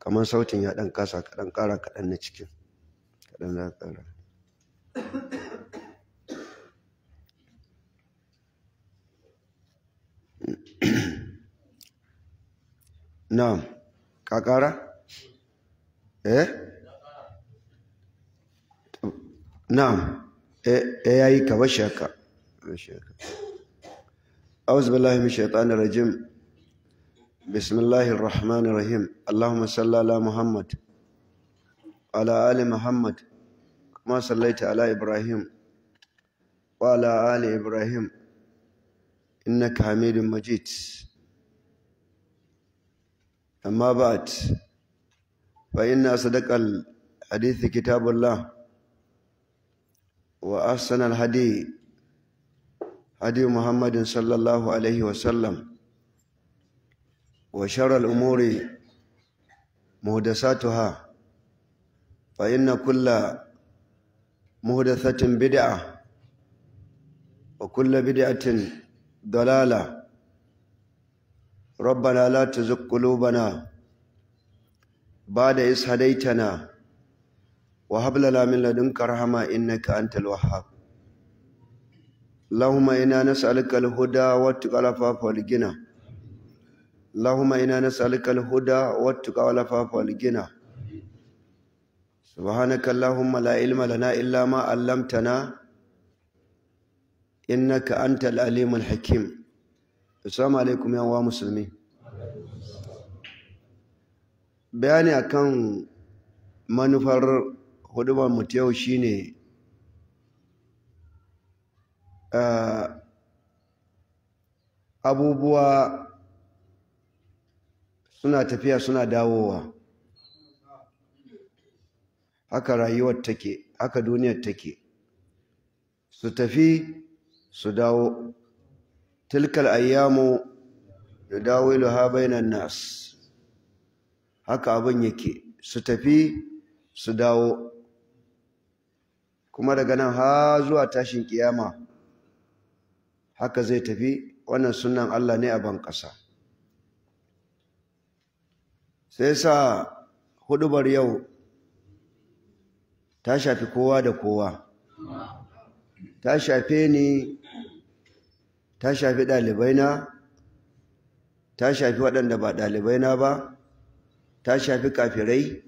kamar sautin ya ɗan kasa kaɗan ƙara kaɗan na cikin kaɗan za ƙara na'am ka ƙara eh na'am eh, eh yayi ka bashi haka bashi haka أعوذ بالله من الشيطان الرجيم بسم الله الرحمن الرحيم اللهم صل على محمد على آل محمد كما صليت على إبراهيم وعلى آل إبراهيم إنك حميد مجيد أما بعد فإن أصدق الحديث كتاب الله وأحسن الهدي هدي محمد صلى الله عليه وسلم وشر الأمور مهدساتها فإن كل مهدثة بدعة وكل بدعة ضلالة ربنا لا تزغ قلوبنا بعد إذ هديتنا وهب لنا من لدنك رحمة إنك أنت الوهاب اللهم إنا نسألك الهدى والتقى والعفاف والغنى اللهم إنا نسألك الهدى والتقى والعفاف والغنى سبحانك اللهم لا علم لنا إلا ما علمتنا إنك أنت العليم الحكيم السلام عليكم يا مسلمين bayani akan manufar hudubar mu yau shine abubuwa suna tafiya suna dawowa haka rayuwar take haka duniyar take su tafi su dawo tilkal ayyamu da dawilu ha bainan nas haka abin yake su tafi su dawo kuma daga nan ha zuwa tashin kiyama haka zai tafi wannan sunan Allah ne a ban ƙasa sai sa hudubar yau ta shafi kowa da kowa ta shafe ni ta shafi ɗalibaina ta shafi waɗanda ba ɗalibaina ba ta shafi kafirai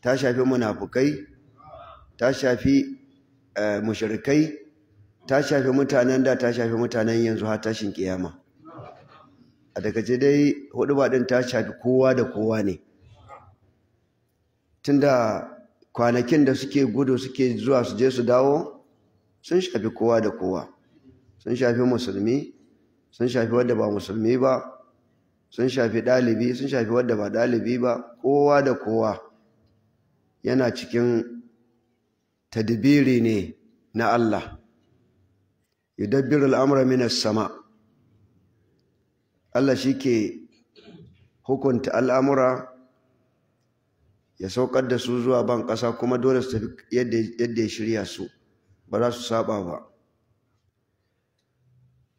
ta shafi munafukai ta shafi eh, mushirikai, ta shafi mutanen da ta shafi mutanen yanzu har tashin kiyama a ce dai hudu ba ɗin ta shafi kowa da kowa ne tunda kwanakin da suke gudu suke zuwa su je su dawo sun shafi kowa da kowa sun shafi musulmi sun shafi wadda ba musulmi ba sun shafi ɗalibi sun shafi wadda ba ɗalibi ba kowa da kowa yana cikin tadbiri ne na Allah yudabbiru al'amura minas sama' Allah shi ke hukunta al'amura ya saukar da su zuwa ban ƙasa kuma dole su tafi yadda ya shirya su ba za su saba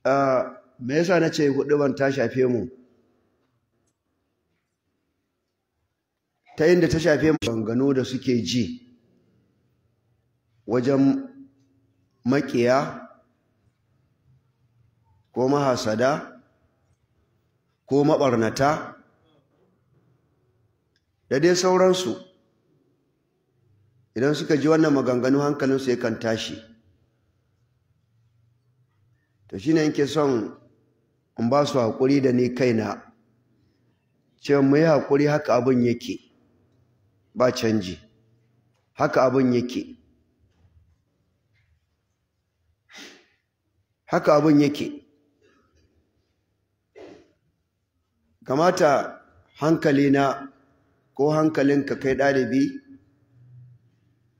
ba me yasa na ce ban ta shafe mu ta yin da ta shafe mu da suke ji wajen makiya ko mahasada ko maɓarnata da dai sauransu idan suka ji wannan maganganu hankalinsu yakan tashi to ne yake son in ba su haƙuri da ni na, ce mu yi haƙuri haka abin yake ba canji haka abin yake haka abin yake kamata hankalina ko hankalin ka kai ɗalibi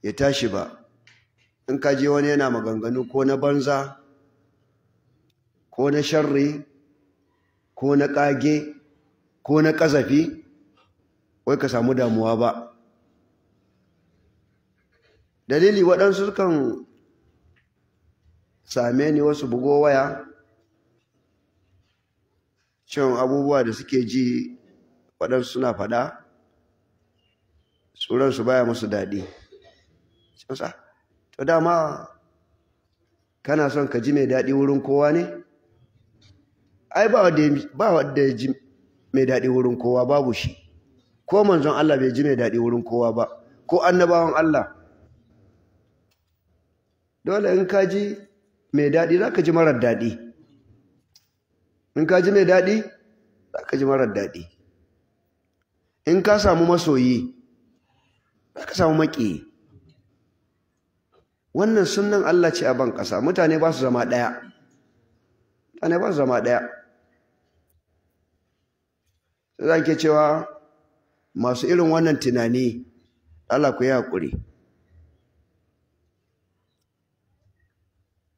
ya tashi ba in ka je wani yana maganganu ko na banza ko na sharri ko na ƙage ko na ƙazafi wai ka samu damuwa ba dalili waɗansu sukan same ni wasu bugo waya cin abubuwa da suke ji waɗansu suna faɗa tsoronsu baya musu daɗi to dama kana son ka ji mai daɗi wurin kowa ne ai ba wadda ya ji mai daɗi wurin kowa babu shi ko manzon Allah bai ji mai daɗi wurin kowa ba ko annabawan Allah dole in ka ji mai daɗi za ka ji marar daɗi in ka ji mai daɗi za ka ji marar daɗi in ka samu masoyi za ka samu maƙi wannan sunan Allah ce a ban ƙasa mutane ba su zama ɗaya mutane ba su zama ɗaya sai za ke cewa masu irin wannan tunani Allah ku yi haƙuri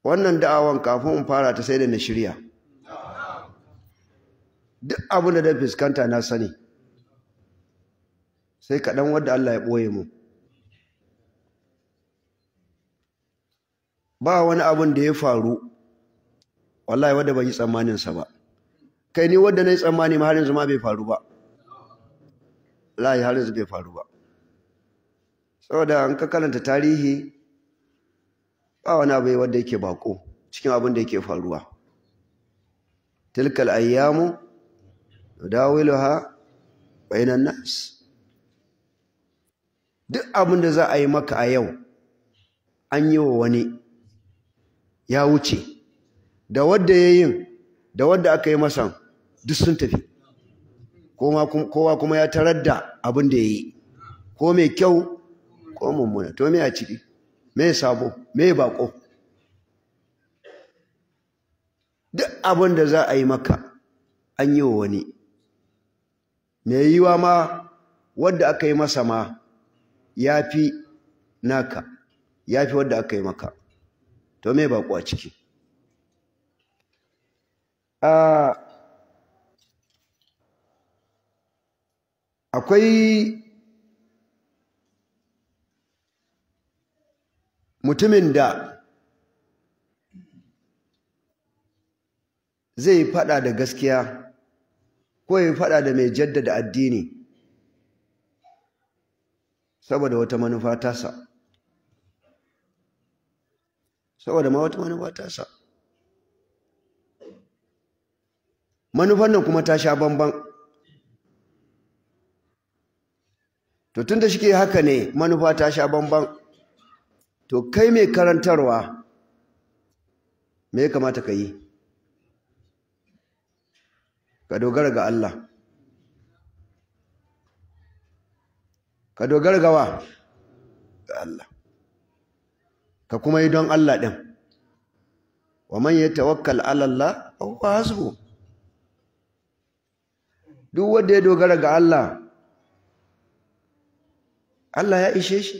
wannan da'awan kafin in fara ta sai da na shirya duk abin da na fuskanta na sani sai kaɗan wadda Allah ya ɓoye mu ba wani abin da ya faru wallahi wadda ban yi tsammaninsa ba kai ni wadda na yi tsammani ma har yanzu ma bai faru ba lai har yanzu bai faru ba saboda an ka karanta tarihi ba wani abu wadda yake bako cikin abin da yake faruwa tilkal ayyamu dawiluha bainan nas duk abin da za a yi maka a yau an yi wa wani ya wuce da wadda ya yin da wadda aka yi masa duk sun tafi kowa kuma ya tarar da abin da ya yi ko mai kyau ko mummuna to me a ciki me sabo me bako duk abin da za a yi maka an yi wa wani mai yiwa ma wadda aka yi masa ma ya fi naka ya fi wadda aka yi maka to me ba a ciki akwai mutumin da zai faɗa da gaskiya ko yi faɗa da mai jaddada addini saboda wata manufa tasa saboda ma wata manufa tasa manufan nan kuma ta sha bamban to tun da shike haka ne manufa ta sha bamban to kai mai karantarwa me ya kamata ka yi ka dogara ga Allah ka dogara ga wa ga Allah ka kuma yi don Allah ɗin wa man tawakkal alalla, a huwa hasbu duk wanda ya dogara ga Allah Allah ya ishe shi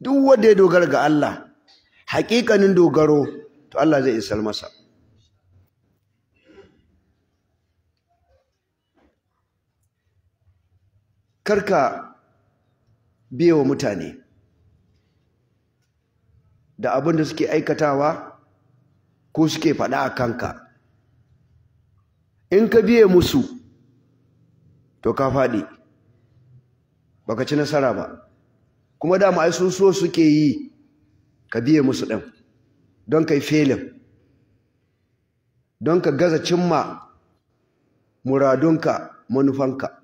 duk wanda ya dogara ga Allah hakikanin dogaro to Allah zai isar masa karka wa mutane da abin da suke aikatawa ko suke faɗa a kanka in ka biya musu to ka faɗi baka ci nasara ba kuma dama ai sun so suke yi ka biye musu ɗin don ka yi felin don ka gaza cimma muradunka manufanka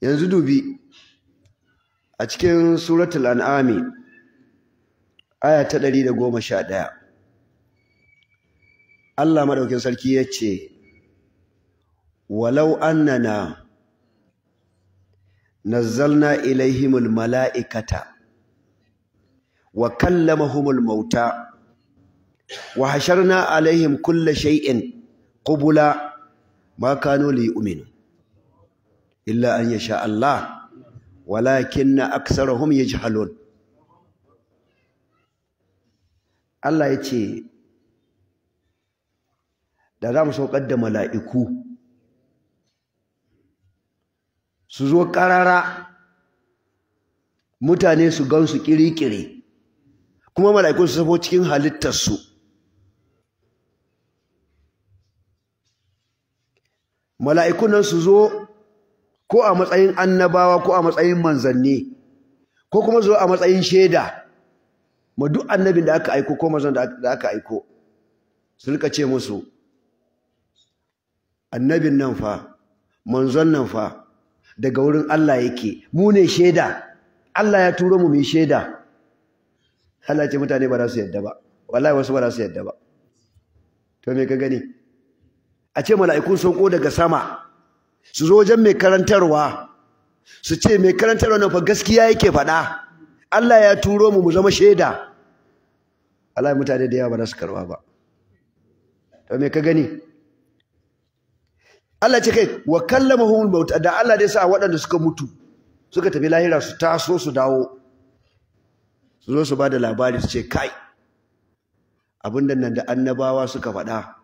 yanzu dubi a cikin suratul an'ami aya ta ɗari da goma sha ɗaya. Allah maɗaukin sarki ya ce, walau annana nazzalna ilaihimul mala'ikata wa kallamahumul mauta wa hasharna alaihim kulla shay'in qubula ma kanu liyu'minu illa an yasha Allah walakinna aksarahum yajhalun Allah ya ce da za mu saukar da mala'iku su zo ƙarara mutane su gansu ƙiri-ƙiri kuma mala'iku su sabo cikin halittarsu mala'ikun nan su zo ko a matsayin annabawa ko a matsayin manzanni ko kuma zuwa a matsayin shaida ma duk annabin da aka aiko ko manzon da aka aiko su rika ce musu annabin nan fa manzon nan fa daga wurin Allah yake mu ne shaida Allah ya turo mu mu shaida Allah ce mutane ba za su yadda ba wallahi wasu ba za su yadda ba to me ka gani a ce mala'ikun sun ko daga sama su zo wajen mai karantarwa su ce mai karantarwa na fa gaskiya yake faɗa Allah ya turo mu mu zama shaida Allah mutane da yawa ba za su karba ba to me ka gani Allah ce kai wa kallamahumul maut da Allah dai sa waɗanda suka mutu suka tafi lahira su taso su dawo su zo su ba da labari su ce kai abin nan da annabawa suka faɗa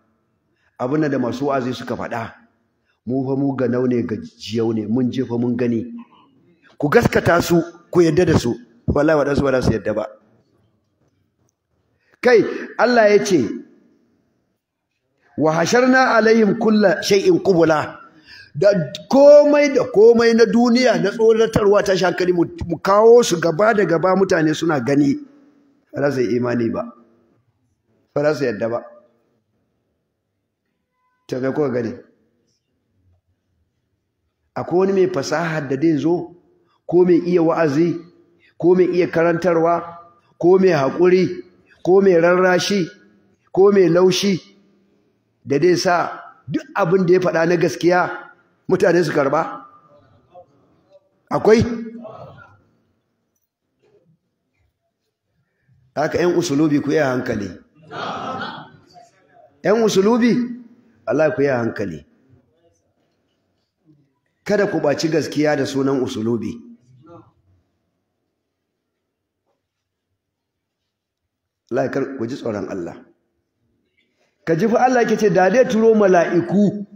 abin da masu wa'azi suka faɗa mu fa mu naune ga jiyau ne mun je fa mun gani ku gaskata su ku yadda da su wallahi waɗansu ba za su yadda ba kai Allah ya ce wa hasharna alaihim kulla shay'in qubula da komai da komai na duniya na tsoratarwa ta shankali mu kawo su gaba da gaba mutane suna gani ba za su imani ba ba za su yadda ba ta kuka gani akwai wani mai fasahar da dai zo ko mai iya wa'azi ko mai iya karantarwa ko mai haƙuri ko mai rarrashi ko mai laushi da dai sa duk abin da ya faɗa na gaskiya mutane su karba akwai haka 'yan usulubi ku yi hankali 'yan usulubi Allah ku yi hankali kada ku ɓaci gaskiya da sunan usulubi laikar ku ji tsoron Allah ka ji fa Allah ke ce da dai turo mala'iku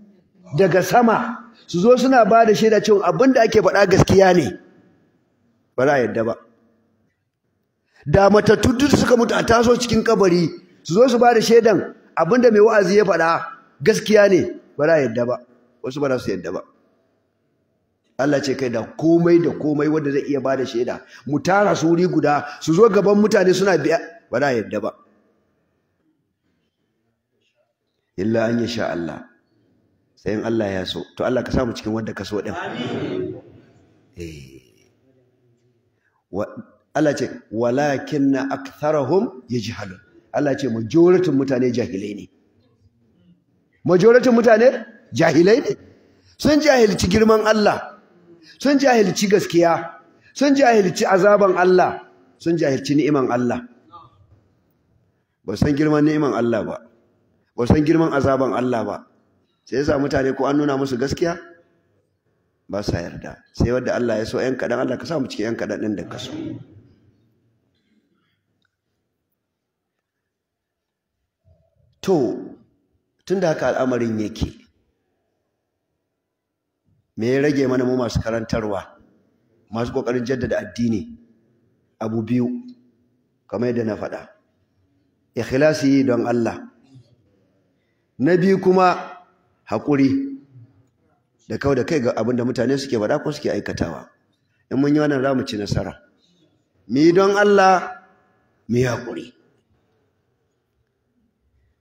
daga sama su zo suna ba da shaida cewa abinda ake faɗa gaskiya ne ba za a yadda ba da matattu duk suka mutu a taso cikin kabari su zo su ba da shaidan abinda mai wa'azi ya faɗa gaskiya ne ba za a yadda ba wasu ba za su yadda ba Allah ce kai da komai da komai wanda zai iya bada shaida mu tara su wuri guda su zo gaban mutane suna biya ba na yadda ba illa an yasha Allah sai in Allah ya so to Allah ka samu cikin wanda ka so din amin eh Allah ce walakinna aktharuhum yajhalun Allah ce majoritin mutane jahilai ne majoritin mutane jahilai ne sun jahilci girman Allah sun jahilci gaskiya sun jahilci azaban Allah sun jahilci ni'iman Allah ba san girman ni'iman Allah ba ba san girman azaban Allah ba sai yasa mutane ko an nuna musu gaskiya ba sa yarda sai wanda Allah ya so ɗan kaɗan Allah ka sa mu cikin ɗan kaɗan ɗin da ka so to tun da haka al'amarin yake me ya rage mana mu masu karantarwa masu kokarin jaddada addini abu biyu kamar yadda na faɗa ikhlasi don Allah na biyu kuma haƙuri da kawai da kai ga abin mutane suke faɗa ko suke aikatawa in mun yi wannan za mu ci nasara mu yi don Allah mu yi haƙuri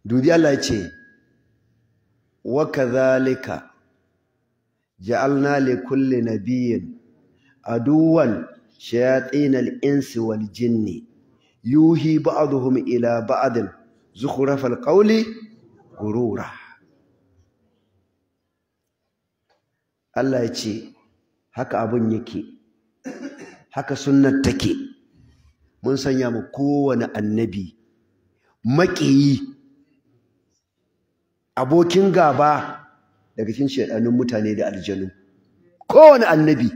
dubi Allah ya ce wa kadhalika ja'alna li kulli nabiyyin aduwan shayatinal insi wal jinni yuhi ba'dhum ila ba'din zukhrafal qawli gurura Allah ya ce haka abun yake haka sunnar take mun sanya mu kowane annabi maƙiyi abokin gaba daga cikin shedanun mutane da aljanu kowane annabi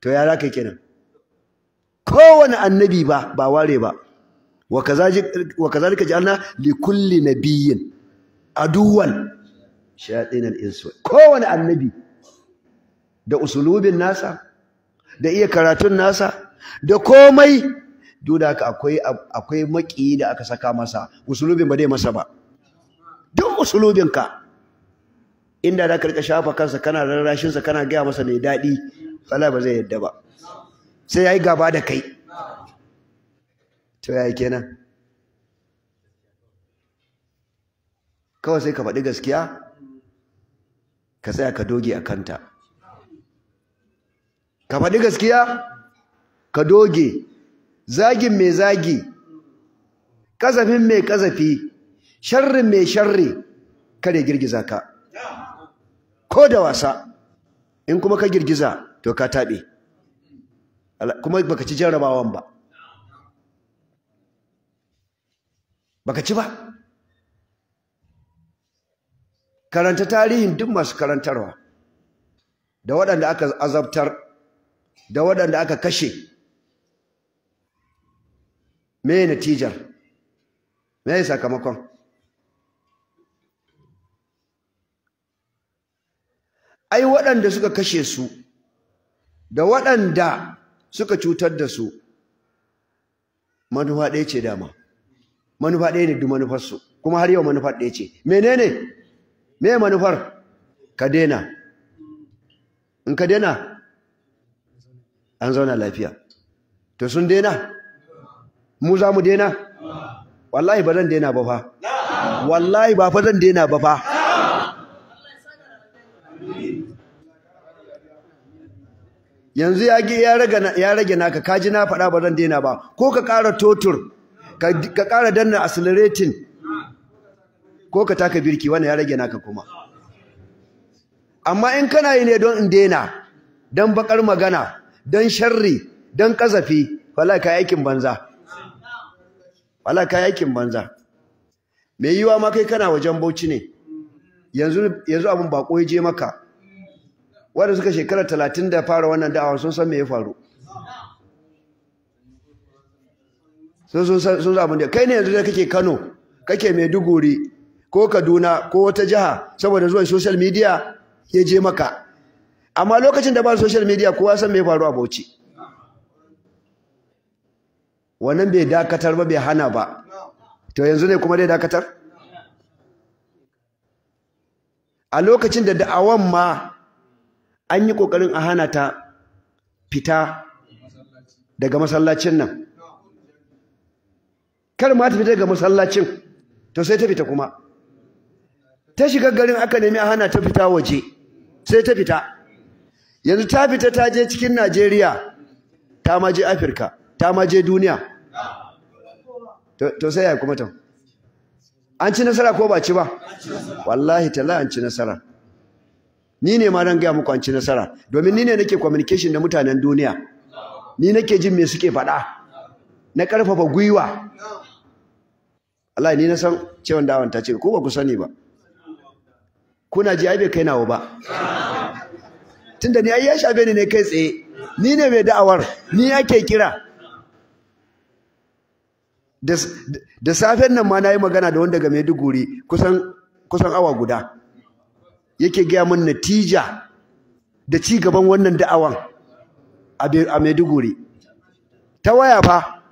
to ya raka kenan kowane annabi ba ba ware ba wa kazalika ja'alna li kulli nabiyyin aduwan shayatin insu kowane annabi da usulubin nasa da iya karatun nasa da komai duda da akwai akwai maki da aka saka masa usulubin ba dai masa ba duk usulubin ka inda za ka rika shafa kansa kana rarrashinsa kana gaya masa mai daɗi wala ba zai yadda ba sai ya yi gaba da kai to ya yi kenan kawai sai ka faɗi gaskiya ka tsaya ka doge a kanta ka faɗi gaskiya ka doge zagin mai zagi kazafin mai kazafi sharrin mai sharri kare girgiza ka ko da wasa in kuma ka girgiza to ka taɓe kuma baka ci jarrabawan ba baka ci ba karanta tarihin duk masu karantarwa da waɗanda aka azabtar da waɗanda aka kashe me natijar me sakamakon ai waɗanda suka kashe su da waɗanda suka cutar da su manufa ɗaya ce dama manufa ɗaya ne duk manufarsu kuma har yau manufar ɗaya ce menene me manufar ka daina in ka daina an zauna lafiya to sun daina mu za mu daina wallahi ba zan daina ba fa wallahi ba fa zan daina ba fa yanzu ya rage naka kaji na faɗa ba zan daina ba ko ka ƙara totur ka ƙara danna accelerating ko ka taka birki wannan ya rage naka kuma amma in kana yi ne don in daina don bakar magana don sharri don kazafi wala ka aikin banza wala ka aikin banza me yiwa ma kai kana wajen bauchi ne yanzu abin abun bako je maka wadda suka shekara talatin da fara wannan da'awa sun san me ya faru sun samu da kai ne yanzu da kake kano kake maiduguri ko kaduna ko wata jiha saboda zuwan social media ya je maka amma lokacin da ba social media kowa san me ya faru a bauchi wannan bai dakatar ba bai hana ba to yanzu ne kuma dai dakatar a lokacin da da'awan ma an yi ƙoƙarin a hana ta fita daga masallacin nan kar ma ta fita daga masallacin to sai ta fita kuma ta shiga garin aka nemi a hana ta fita waje sai ta fita yanzu ta fita ta je cikin Najeriya ta ma je Afirka ta ma je duniya to sai ya kuma ta an ci nasara ko ba ci ba wallahi tala an ci nasara ni ne ma don gaya muku an ci nasara domin ni ne nake communication da mutanen duniya ni nake jin me suke faɗa na ƙarfafa gwiwa Allah ni na san cewan dawan ta ce ko ba ku sani ba kuna ji ai bai kai nawo ba tunda ni ai ya shafe ni ne kai tsaye ni ne mai da'awar ni yake kira da safen nan ma na yi magana da wanda ga Maiduguri kusan kusan awa guda yake gaya min natija da ci gaban wannan da'awan a Maiduguri ta waya fa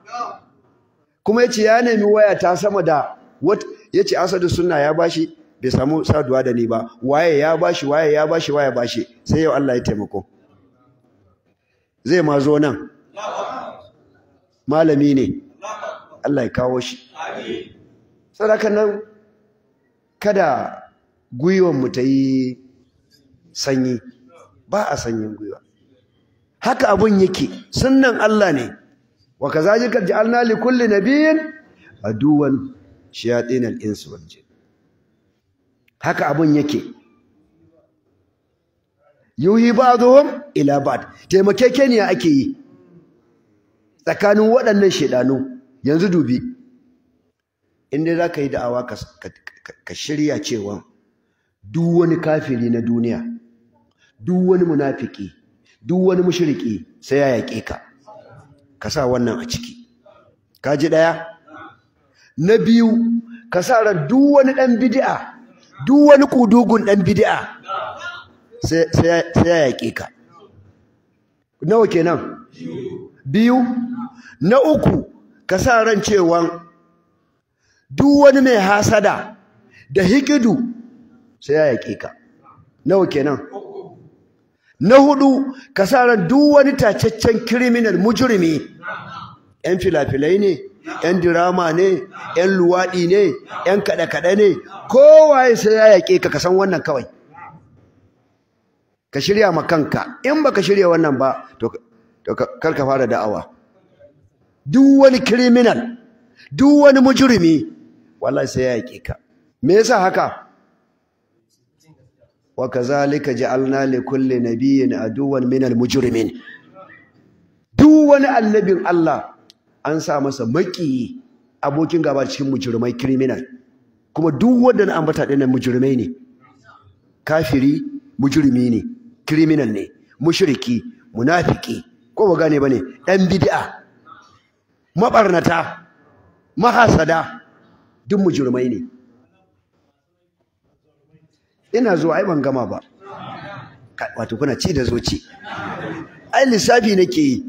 kuma yace ya nemi waya ta sama da what yace Asadu Sunna ya bashi bai samu saduwa da ni ba waye ya bashi waye ya bashi waye bashi sai yau Allah ya taimako zai ma zo nan malami ne Allah ya kawo shi amin saboda nan kada gwiwanmu ta yi sanyi ba a sanyin gwiwa haka abun yake Sunan Allah ne wa kazalika ja'alna li kulli nabiyyin aduwan shayatin al-insi wal jin haka abun yake yuhi ba'dhum ila ba'd taimakekeniya ake yi tsakanin waɗannan shedanu yanzu dubi inda zaka yi da'awa ka shirya cewa duk wani kafiri na duniya duk wani munafiki duk wani mushriki sai ya yake ka ka sa wannan a ciki ka ji ɗaya na biyu ka sa ran duk wani ɗan bidi'a duk wani kudugun ɗan bidi'a sai ya yake ka nawa kenan biyu na uku ka sa ran cewa duk wani mai hasada da hikidu sai ya yaƙe ka nawa kenan na hudu ka sa ran duk wani tacaccen criminal mujrimi yan filafilai ne yan dirama ne yan luwaɗi ne yan kaɗe-kaɗe ne kowaye sai ya yaƙe ka ka san wannan kawai ka shirya ma kanka in ka shirya wannan ba to kar fara da'awa duk wani criminal duk wani mujrimi wallahi sai ya yaƙe ka me yasa haka wa kazalika ja'alna li kulli na aduwan min al mujrimin duk wani allabin Allah an sa masa maki abokin gaba cikin mujrimai kiriminal kuma duk wanda na ambata dinnan mujrimai ne kafiri mujrimi ne kiriminal ne mushiriki munafiki ko ba gane Ɗan dan bid'a maɓarnata mahasada duk mujrimai ne ina zuwa ai ban gama ba wato kuna ci da zoci ai lissafi nake yi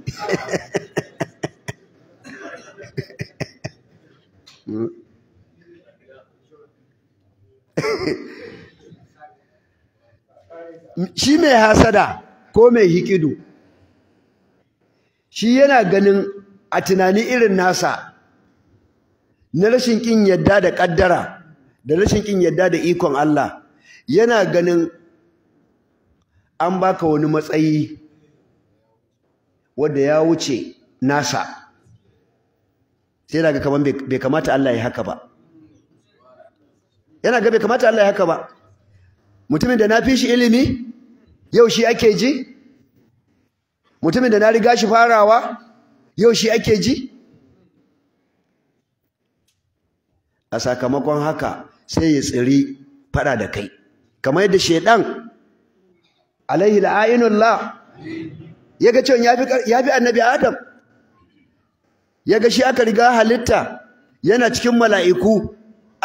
shi mai hasada ko mai hikidu shi yana ganin a tunani irin nasa na rashin kin yadda da ƙaddara da rashin kin yadda da ikon Allah yana ganin an baka wani matsayi wanda ya wuce nasa sai daga kaman bai kamata Allah ya haka ba yana ga bai kamata Allah ya haka ba mutumin da na fi shi ilimi yau shi ake ji mutumin da na riga shi farawa yau shi ake ji a sakamakon haka sai ya tsiri fada da kai kamar yadda shedan alaihi la'inullah yaga cewa yafi yafi annabi adam yaga shi aka riga halitta yana cikin mala'iku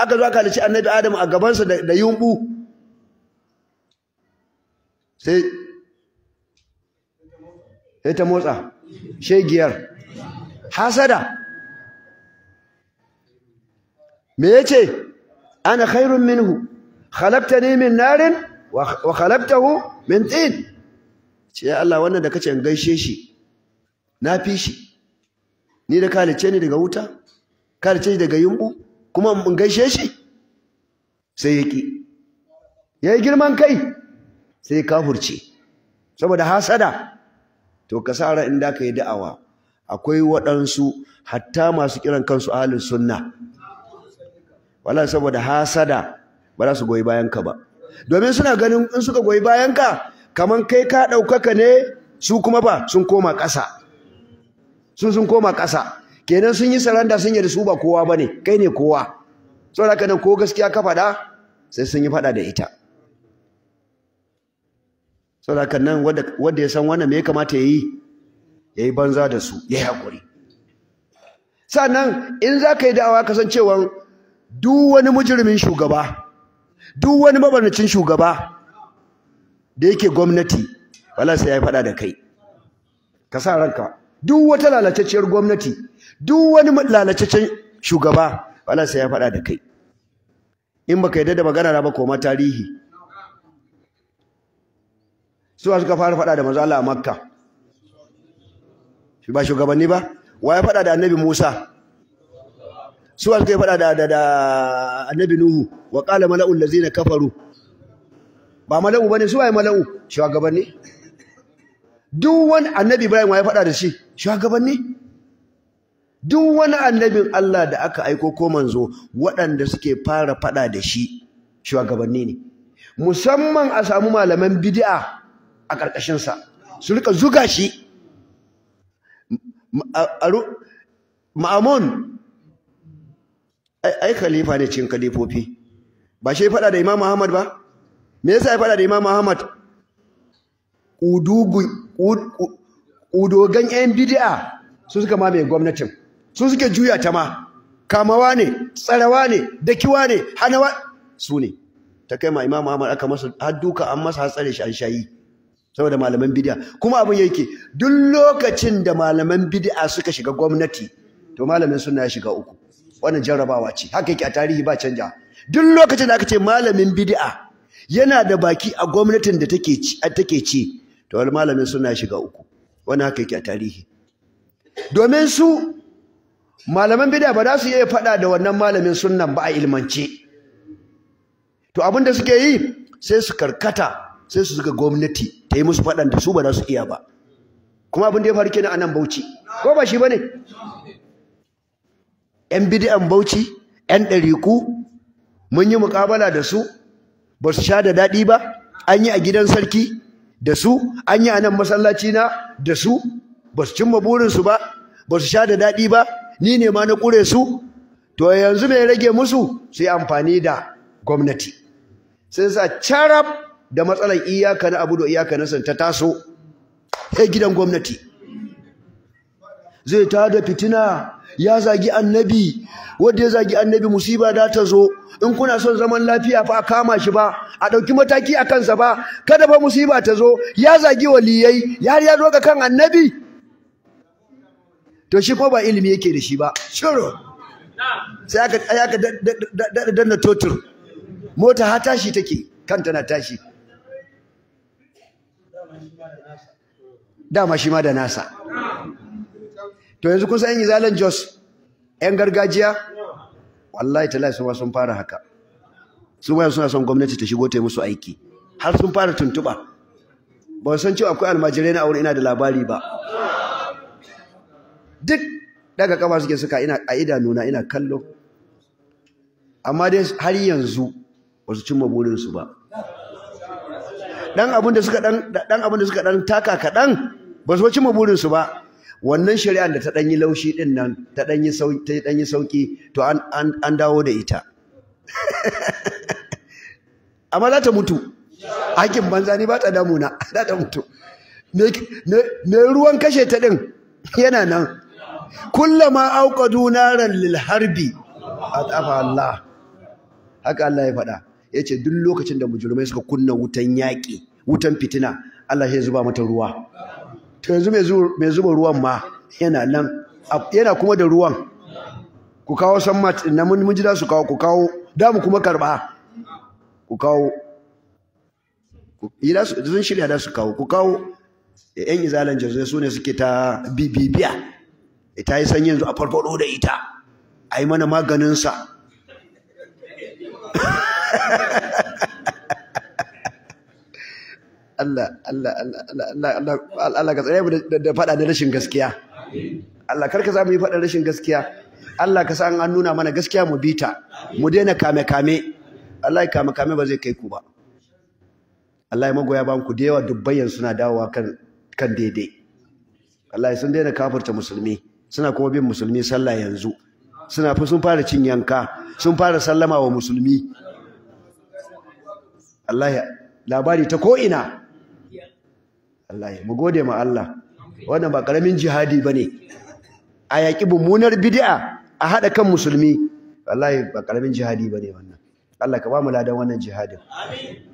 aka zo aka halici annabi adam a gabansa da yumbu sai sai ta motsa giyar. hasada me yace ana khairun minhu khalaqtani min narin wa khalaqtahu min tin ce Allah wannan da kace in gaishe shi na fi shi ni da kalice ni daga wuta kalice ni daga yunbu? kuma in gaishe shi sai yaki yayi girman kai sai kafurce saboda hasada to kasara in inda kai da'awa akwai waɗansu hatta masu kiran kansu ahlus sunna wala saboda hasada ba za su goyi bayan ba domin suna ganin in suka goyi bayanka kamar kai ka ɗaukaka ne su kuma ba sun koma ƙasa sun sun koma ƙasa kenan sun yi saranda sun yarda su ba kowa ba ne kai ne kowa saboda haka nan ko gaskiya ka faɗa sai sun yi faɗa da ita saboda haka nan wanda ya san wannan me ya kamata ya yi ya yi banza da su ya yi haƙuri sannan in za ka yi da'awa kasancewan duk wani mujirmin shugaba duk wani mabarnacin shugaba da yake gwamnati wala sai ya faɗa da kai ka sa ranka duk wata lalacacciyar gwamnati duk wani lalacecin shugaba wala sai ya faɗa da kai in baka yadda da magana na ba koma tarihi su suka fara faɗa da manzo Allah a Makka ba shugabanni ba wa ya faɗa da Annabi Musa su al kai fada da annabi nuhu wa qala mala'u allazina kafaru ba mala'u ba ne su ai mala'u gaban shugabanni duk wani annabi Ibrahim ya fada da shi gaban shugabanni duk wani annabin Allah da aka aiko ko manzo waɗanda suke fara fada da shi shugabanni ne musamman a samu malaman bid'a a ƙarƙashinsa su rika zuga shi ma'amun ai khalifa ne cikin khalifofi ba shi fada da Imam Ahmad ba me yasa ya fada da Imam Ahmad Udogan 'yan bidi'a su suka mai gwamnatin su suke juya ta ma kamawa ne tsarawa ne dakiwa ne hanawa su ne ta kai ma imam Ahmad aka masa har duka an masa hatsari shi an shayi saboda malaman bidi'a kuma abin yake duk lokacin da malaman bidi'a suka shiga gwamnati to malamin suna ya shiga uku wannan jarrabawa ce haka yake a tarihi ba canja duk lokacin da aka ce malamin bid'a yana da baki a gwamnatin da take ci a take ci to wani malamin suna shiga uku wannan haka yake a tarihi domin su malaman bid'a ba za su iya faɗa da wannan malamin sunnan ba a ilmance to abin da suke yi sai su karkata sai su zuga gwamnati ta yi musu faɗan da su ba za su iya ba kuma abin da ya faru kenan anan Bauchi ko ba shi bane 'yan bidi'an bauchi 'yan ɗariku mun yi muƙabala da su ba su sha da daɗi ba an yi a gidan sarki da su an yi a nan masallaci na da su ba su cimma burinsu ba ba su sha da daɗi ba ni ne ma na ƙure su to yanzu mai rage musu su yi amfani da gwamnati sun sa carab da matsalar iyaka na abu da iyaka na ta taso sai gidan gwamnati zai ta da fitina ya zagi annabi wanda ya zagi annabi musiba da ta zo in kuna son zaman lafiya fa a kama shi ba a ɗauki mataki a kansa ba kada ba musiba ta zo ya zagi waliyai ya ya zo ga kan annabi to shi ko ba ilimi yake da shi ba shiru sai aka aka daɗa danna totur mota ha tashi take kanta na tashi dama shi ma da nasa to yanzu kun san yan izalan jos yan gargajiya wallahi talai su ma sun fara haka su ma suna son gwamnati ta shigo ta yi musu aiki har sun fara tuntuɓa ba san cewa akwai almajirai na aure ina da labari ba duk daga kama suke suka ina a idanuna ina kallo amma dai har yanzu ba su cimma burinsu ba dan abin da suka dan abin da suka dan taka kaɗan ba su cimma burinsu ba wannan shari'ar da ta dan yi laushi din nan ta dan yi ta sauki to an an an dawo da ita amma za ta mutu hakin banza ni ba ta damu na za ta mutu me ruwan kashe ta din yana nan kullama auqadu naran lil harbi atafa Allah haka Allah ya faɗa yace duk lokacin da mujrimai suka kunna wutan yaƙi wutan fitina Allah ya zuba mata ruwa to yanzu mai zuba ruwan ma yana nan yana kuma da ruwan ku kawo sammat na mun ji su kawo ku kawo damu kuma karba ku kawo idan sun shirya da su kawo ku kawo yan izalan jazo su ne suke ta bibibiya ita e, yi san yanzu a farfado da ita a yi mana maganinsa Allah Allah Allah Allah Allah ka da faɗa da rashin gaskiya Allah karka za mu yi faɗa rashin gaskiya Allah ka san an nuna mana gaskiya mu bita mu daina kame kame Allah ya kame kame ba zai kai ku ba Allah ya magoya ba ku da yawa dubbayan suna dawowa kan kan daidai Allah ya sun daina kafirta musulmi suna kuma bin musulmi sallah yanzu suna fi sun fara cin yanka sun fara sallama wa musulmi Allah ya labari ta ko'ina wallahi mu gode ma Allah wannan ba karamin jihadi bane a yaki mummunar bid'a a hada kan musulmi wallahi ba karamin jihadi bane wannan Allah ka ba mu ladan wannan jihadin amin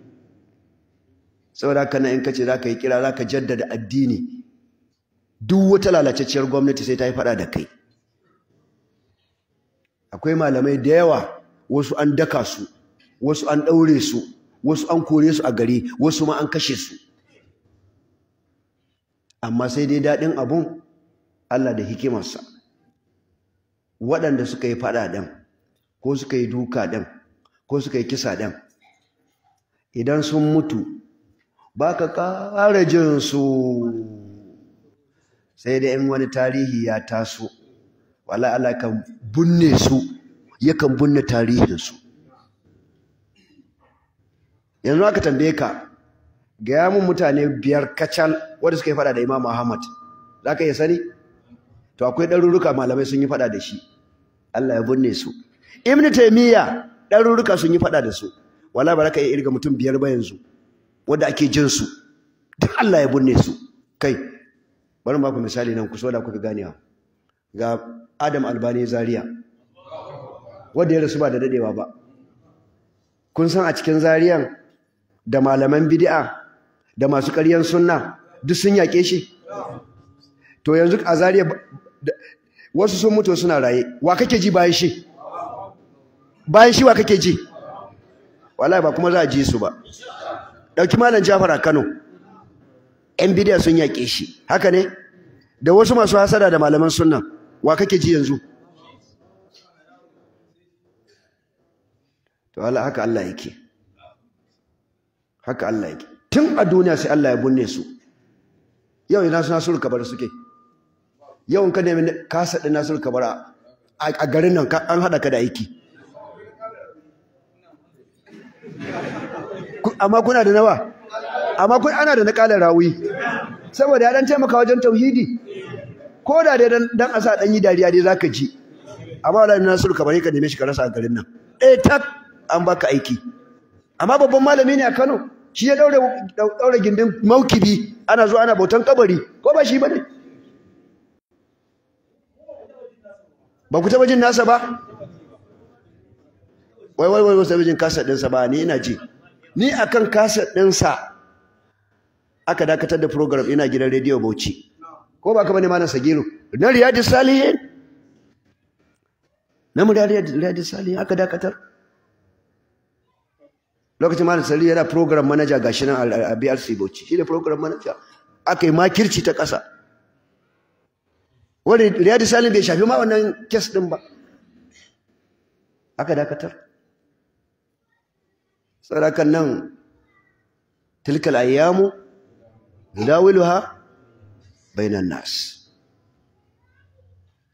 saboda kana in kace zaka yi kira zaka jaddada addini duk wata lalacecciyar gwamnati sai ta yi fada da kai akwai malamai da yawa wasu an daka su wasu an daure su wasu an kore su a gari wasu ma an kashe su amma sai dai daɗin abun Allah da hikimarsa waɗanda suka yi faɗa ɗan ko suka yi duka ɗin ko suka yi kisa ɗin idan sun mutu ba ka ƙara jinsu, sai dai in wani tarihi ya taso wala Allah kan binne su yakan binne tarihinsu yanzu aka tambaye ka gaya mun mutane biyar kacal wanda suka yi fada da Imam Ahmad za ka iya sani to akwai ɗaruruka malamai sun yi fada da shi Allah ya binne su Ibn Taymiyyah ɗaruruka sun yi fada da su wala ba za ka iya irga mutum biyar ba yanzu wanda ake jin su duk Allah ya binne su kai bari mu ba ku misali nan ku so da ku ganewa ga Adam Albani Zaria wanda ya rasu ba da dadewa ba kun san a cikin Zariyan da malaman Bidi'a? da masu ƙaryan sunna duk sun yaƙe shi to yanzu a zariya wasu sun mutu suna raye wa kake ji bayan shi bayan shi wa kake ji wallahi ba kuma za a ji su ba Ɗauki malam Jafar a Kano yan bidiya sun yaƙe shi haka ne da wasu masu hasada da malaman sunna wa kake ji yanzu to Allah haka Allah yake haka Allah yake tun a duniya sai Allah ya bunne su yau ina suna sulka kabar suke yau ka nemi kasa ɗin nasul Kabar a garin nan an haɗa ka da aiki amma kuna da nawa amma kuna ana da nakalar rawi saboda ya dan taimaka wajen tauhidi ko da dai dan a sa dan yi dariya dai zaka ji amma wala ina sulhu Kabar ka neme shi ka rasa a garin nan eh tak an baka aiki amma babban malami ne a Kano shi ya daure gindin maukibi ana zuwa ana bautan kabari ko ba shi bane ba ku taba jin nasa ba wai wai wai taba jin kasa ɗinsa ba ni ina ji ni akan kasa ɗinsa aka dakatar da program ina gidan rediyo Bauchi ko ba ka bane malam Sagiru na Riyadu Salihin na mu da Riyadu Salihin aka dakatar lokacin malam sali yana program manager gashi nan a BRC Bauchi shi ne program manager aka yi makirci ta ƙasa wani Riyadu Salim bai shafi ma wannan kes ɗin ba aka dakatar Tsarakan nan tilkal ayyamu dawiluha bainan nas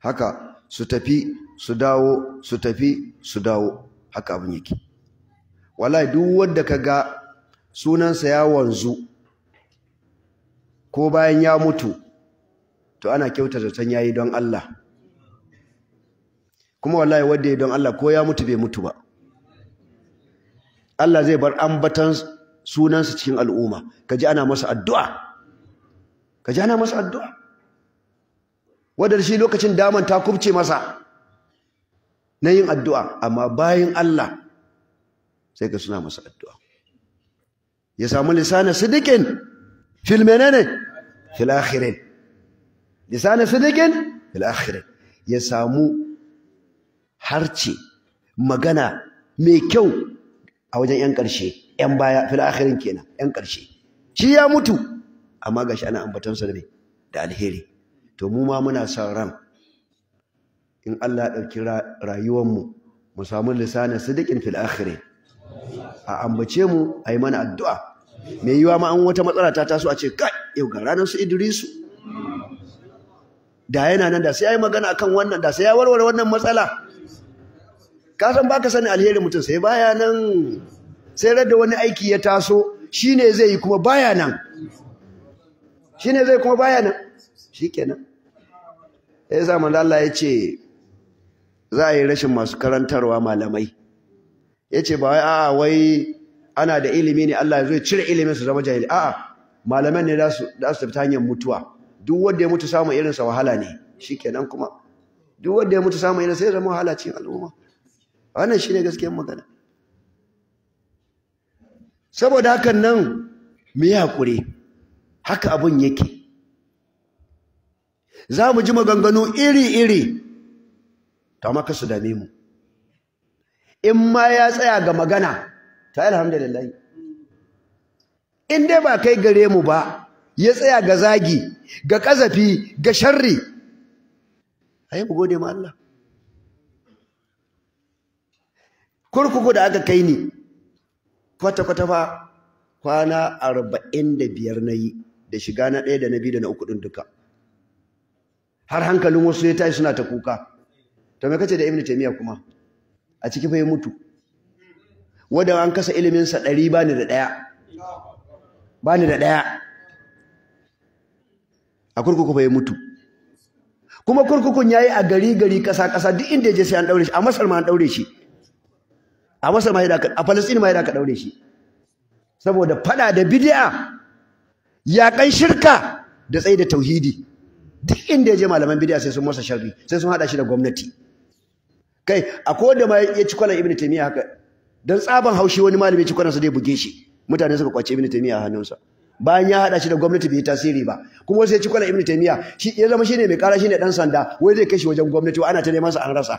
haka su tafi su dawo su tafi su dawo haka abin yake wallahi duk wanda kaga sunansa ya wanzu ko bayan ya mutu to ana kyauta zaton yayi don Allah kuma wallahi wanda ya don Allah ko ya mutu bai mutu ba Allah zai bar ambatan sunansa cikin al'umma kaji ana masa addu'a kaji ana masa addu'a wanda shi lokacin daman ta kubce masa na yin addu'a amma bayan Allah sai ka suna masa addu'a ya samu lisanin sidikin fil ne? fil akhirin lisana sidikin fil ya samu harci, magana mai kyau a wajen yan ƙarshe yan baya filahirin kenan yan ƙarshe shi ya mutu amma gashi ana ambaton sa ne da alheri to mu ma muna sa ran in Allah ɗauki rayuwanmu, mu samu lisanin sidikin fil a ambace mu a yi mana addu'a mai yiwa ma an wata matsala ta taso a ce kai yau ga ranar su idrisu da yana nan da sai ya yi magana kan wannan da sai ya warware wannan matsala ka san ka sani alheri mutum sai baya nan sai rada wani aiki ya taso shi ne zai yi kuma baya nan ne zai kuma baya nan shikenan sai zaman Allah ya ce za a yi rashin masu karantarwa malamai Ya ce ba wai wai ana da ilimi ne Allah zai cire ilimin su zama jahili a'a malaman ne za su tafi ta hanyar mutuwa duk wanda ya mutu samun irin sa wahala ne shikenan kuma duk wanda ya mutu samun irin sa ya zama wahala cikin al'umma wannan shine gaskiyar magana saboda hakan nan mu yi hakuri haka abun yake za mu ji maganganu iri-iri ta maka su dame mu in ma ya tsaya ga magana ta alhamdulillah in dai ba kai gare mu ba ya tsaya ga zagi ga kazafi ga sharri Ayi mu gode ma Allah kurkuku da aka kai ni kwata kwata fa kwana 45 nayi da shiga na ɗaya da na biyu da na uku din duka har hankalin wasu ya tashi suna ta kuka to me kace da ibnu taymiya kuma a ciki bai mutu wanda an kasa iliminsa ɗari ba ni da ɗaya ba ni da ɗaya a kurkuku bai mutu kuma kurkukun ya yi a gari gari ƙasa ƙasa duk inda yaje sai an ɗaure shi a masar ma an ɗaure shi a masar ma a falastin ma ya ka ɗaure shi saboda faɗa da bidi'a yaƙan shirka da tsaye da tauhidi duk inda ya je malaman bidiya sai sun masa sharri sai sun haɗa shi da gwamnati kai akwai wanda ma ya ci kwalan ibnu taymiya haka dan tsaban haushi wani malami ci kwalan sa dai buge shi mutane suka kwace ibnu taymiya a hannunsa bayan ya hada shi da gwamnati bai tasiri ba kuma sai ya ci kwalan ibnu taymiya shi ya zama shine mai kara shine dan sanda wai zai kai shi wajen gwamnati ana ta neman sa an rasa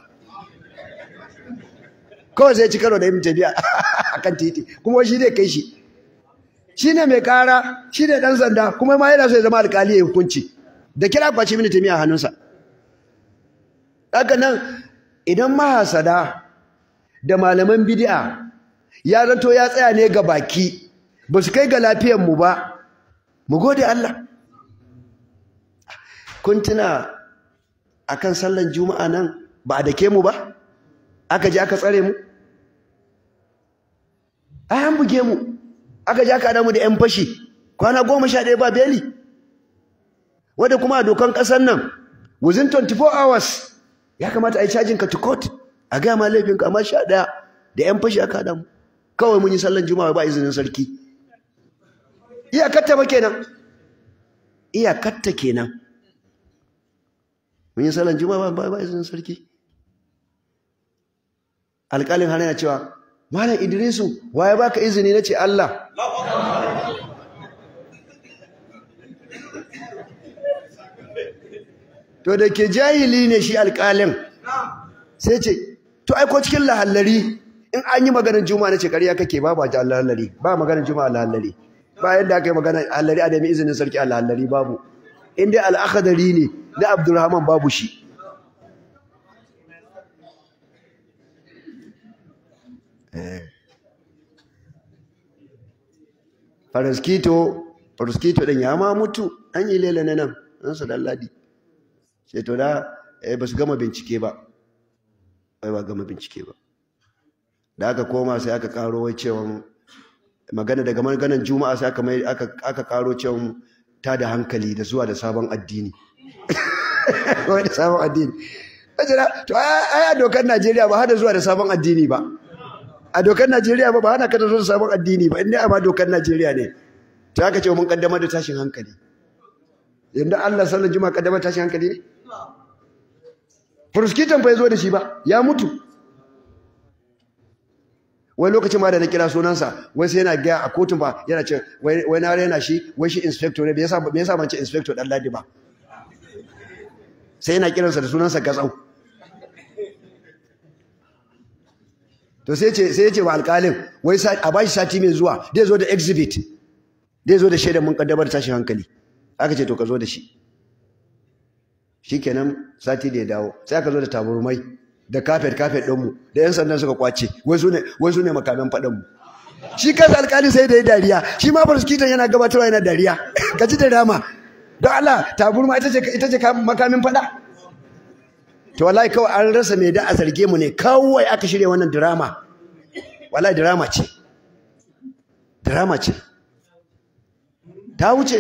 kawai sai ya ci karo da ibnu taymiya kan titi kuma shi zai kai shi shine mai kara shine dan sanda kuma ma yana so ya zama alkali ya hukunci da kira kwace ibnu taymiya a hannunsa haka nan idan mahasada da malaman bidi'a ya zato ya tsaya ne ga baki ba su kai ga lafiyanmu ba mu gode Allah kun tuna akan sallan juma'a nan ba da ke mu ba aka je aka tsare mu A an buge mu aka ji aka mu da yan fashi kwana goma sha ɗaya ba beli wadda kuma a dokan ƙasar nan within 24 hours ya kamata a yi cajin ka to court a gaya ma laifin ka amma sha ɗaya da yan fashi aka haɗa mu kawai mun yi sallan juma'a ba izinin sarki iyakarta ba kenan iyakarta kenan mun yi sallan juma'a ba ba izinin sarki alƙalin hana ya cewa malam idrisu wa ya baka izini na ce allah to da ke jahili ne shi alƙalin sai ce to aiko cikin lahallari in an yi maganin juma'a na shekaru ya kake ba ba alhallari ba maganin juma'a alhallari ba yadda aka yi maganin alhallari a da izinin sarki alhallari babu in dai al'akadari ne na abdurrahman babu shi faraskito eh. faraskito ɗin ya ma mutu an yi lela na nan an su ɗan ladi Sai to na eh, ba su gama bincike ba bai ba gama bincike ba da aka koma sai aka karo wai cewa magana daga maganan juma'a sai aka mai aka aka karo cewa ta da hankali da zuwa da sabon addini wai da sabon addini ajira to ai a dokar Najeriya ba hada zuwa da sabon addini ba a dokar Najeriya ba ba hana kada zuwa da sabon addini ba inda ba dokar Najeriya ne ta aka ce mun kaddamar da tashin hankali yanda Allah sallan juma'a kaddamar tashin hankali ne prosecutor fa ya zo da shi ba ya mutu wai lokacin ma da na kira sunansa wai sai yana gaya a kotun ba yana ce wai na rena shi wai shi inspector ne bai sa ban ce inspector dan ladi ba sai yana kiransa da sunansa gatsau to sai ce sai ce wa alƙalin wai a bashi sati mai zuwa zai zo da exhibit zai zo da shaidar mun kaddamar tashin hankali aka ce to ka zo da shi shikenan sati da ya dawo sai aka zo da taburmai da kafet kafet ɗinmu da yan sandan suka kwace wai su ne makamin faɗin mu shi kansa alƙalin sai da ya dariya shi ma prosecutor yana gabatarwa yana dariya ka ji da rama don Allah taburma ita ce ita ce makamin faɗa to wallahi kawai an rasa mai da a zarge mu ne kawai aka shirya wannan drama wallahi drama ce drama ce ta wuce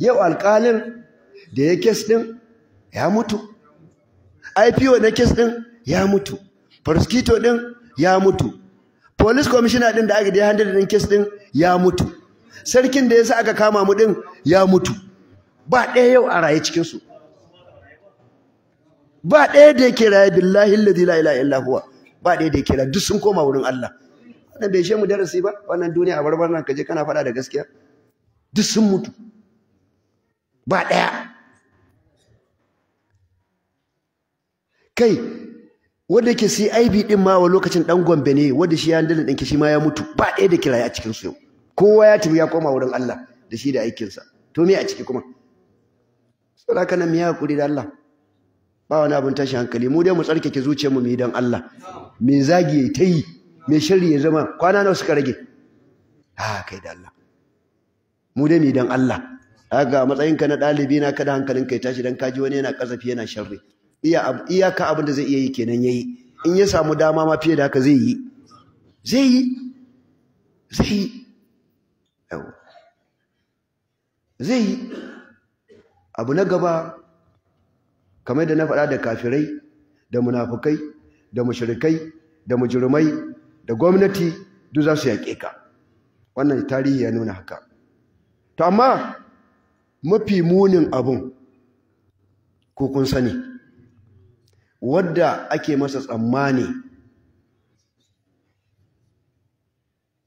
yau alƙalin da ya kes din ya mutu IPO na kes din ya mutu prosecuto din ya mutu police commissioner din da aka da handle din kes din ya mutu sarkin da yasa aka kama mu din ya mutu ba ɗaya yau a raye cikin su ba ɗaya da yake raye billahi alladhi la ilaha illa huwa ba ɗaya da yake raye duk sun koma wurin Allah wannan bai mu darasi ba wannan duniya a barbar nan kaje kana faɗa da gaskiya duk sun mutu ba ɗaya kai wanda yake CIB din ma wa lokacin dan Gombe ne wanda shi ya dalin ɗinki shi ma ya mutu ba ɗaya da kiraye a cikin su kowa ya tafi ya koma wurin Allah da shi da aikinsa to me a ciki kuma saboda kana miya kuri da Allah ba wani abin tashin hankali mu dai mu tsarkake zuciyarmu mu yi don Allah me zagi ta yi me shirri ya zama kwana nawa suka rage a kai da Allah mu dai mu yi don Allah haka matsayinka na ɗalibi na kada hankalinka ya tashi dan kaji wani yana kasafi yana sharri iyaka abin da zai iya yi kenan yayi in ya samu dama ma fiye da haka zai yi zai yi zai yi zai yi abu na gaba kamar da na faɗa da kafirai da munafukai da mashirikai da mujrimai da gwamnati duk za su yaƙe ka wannan tarihi ya nuna haka to amma mafi munin abun ko kun sani wadda ake masa tsammani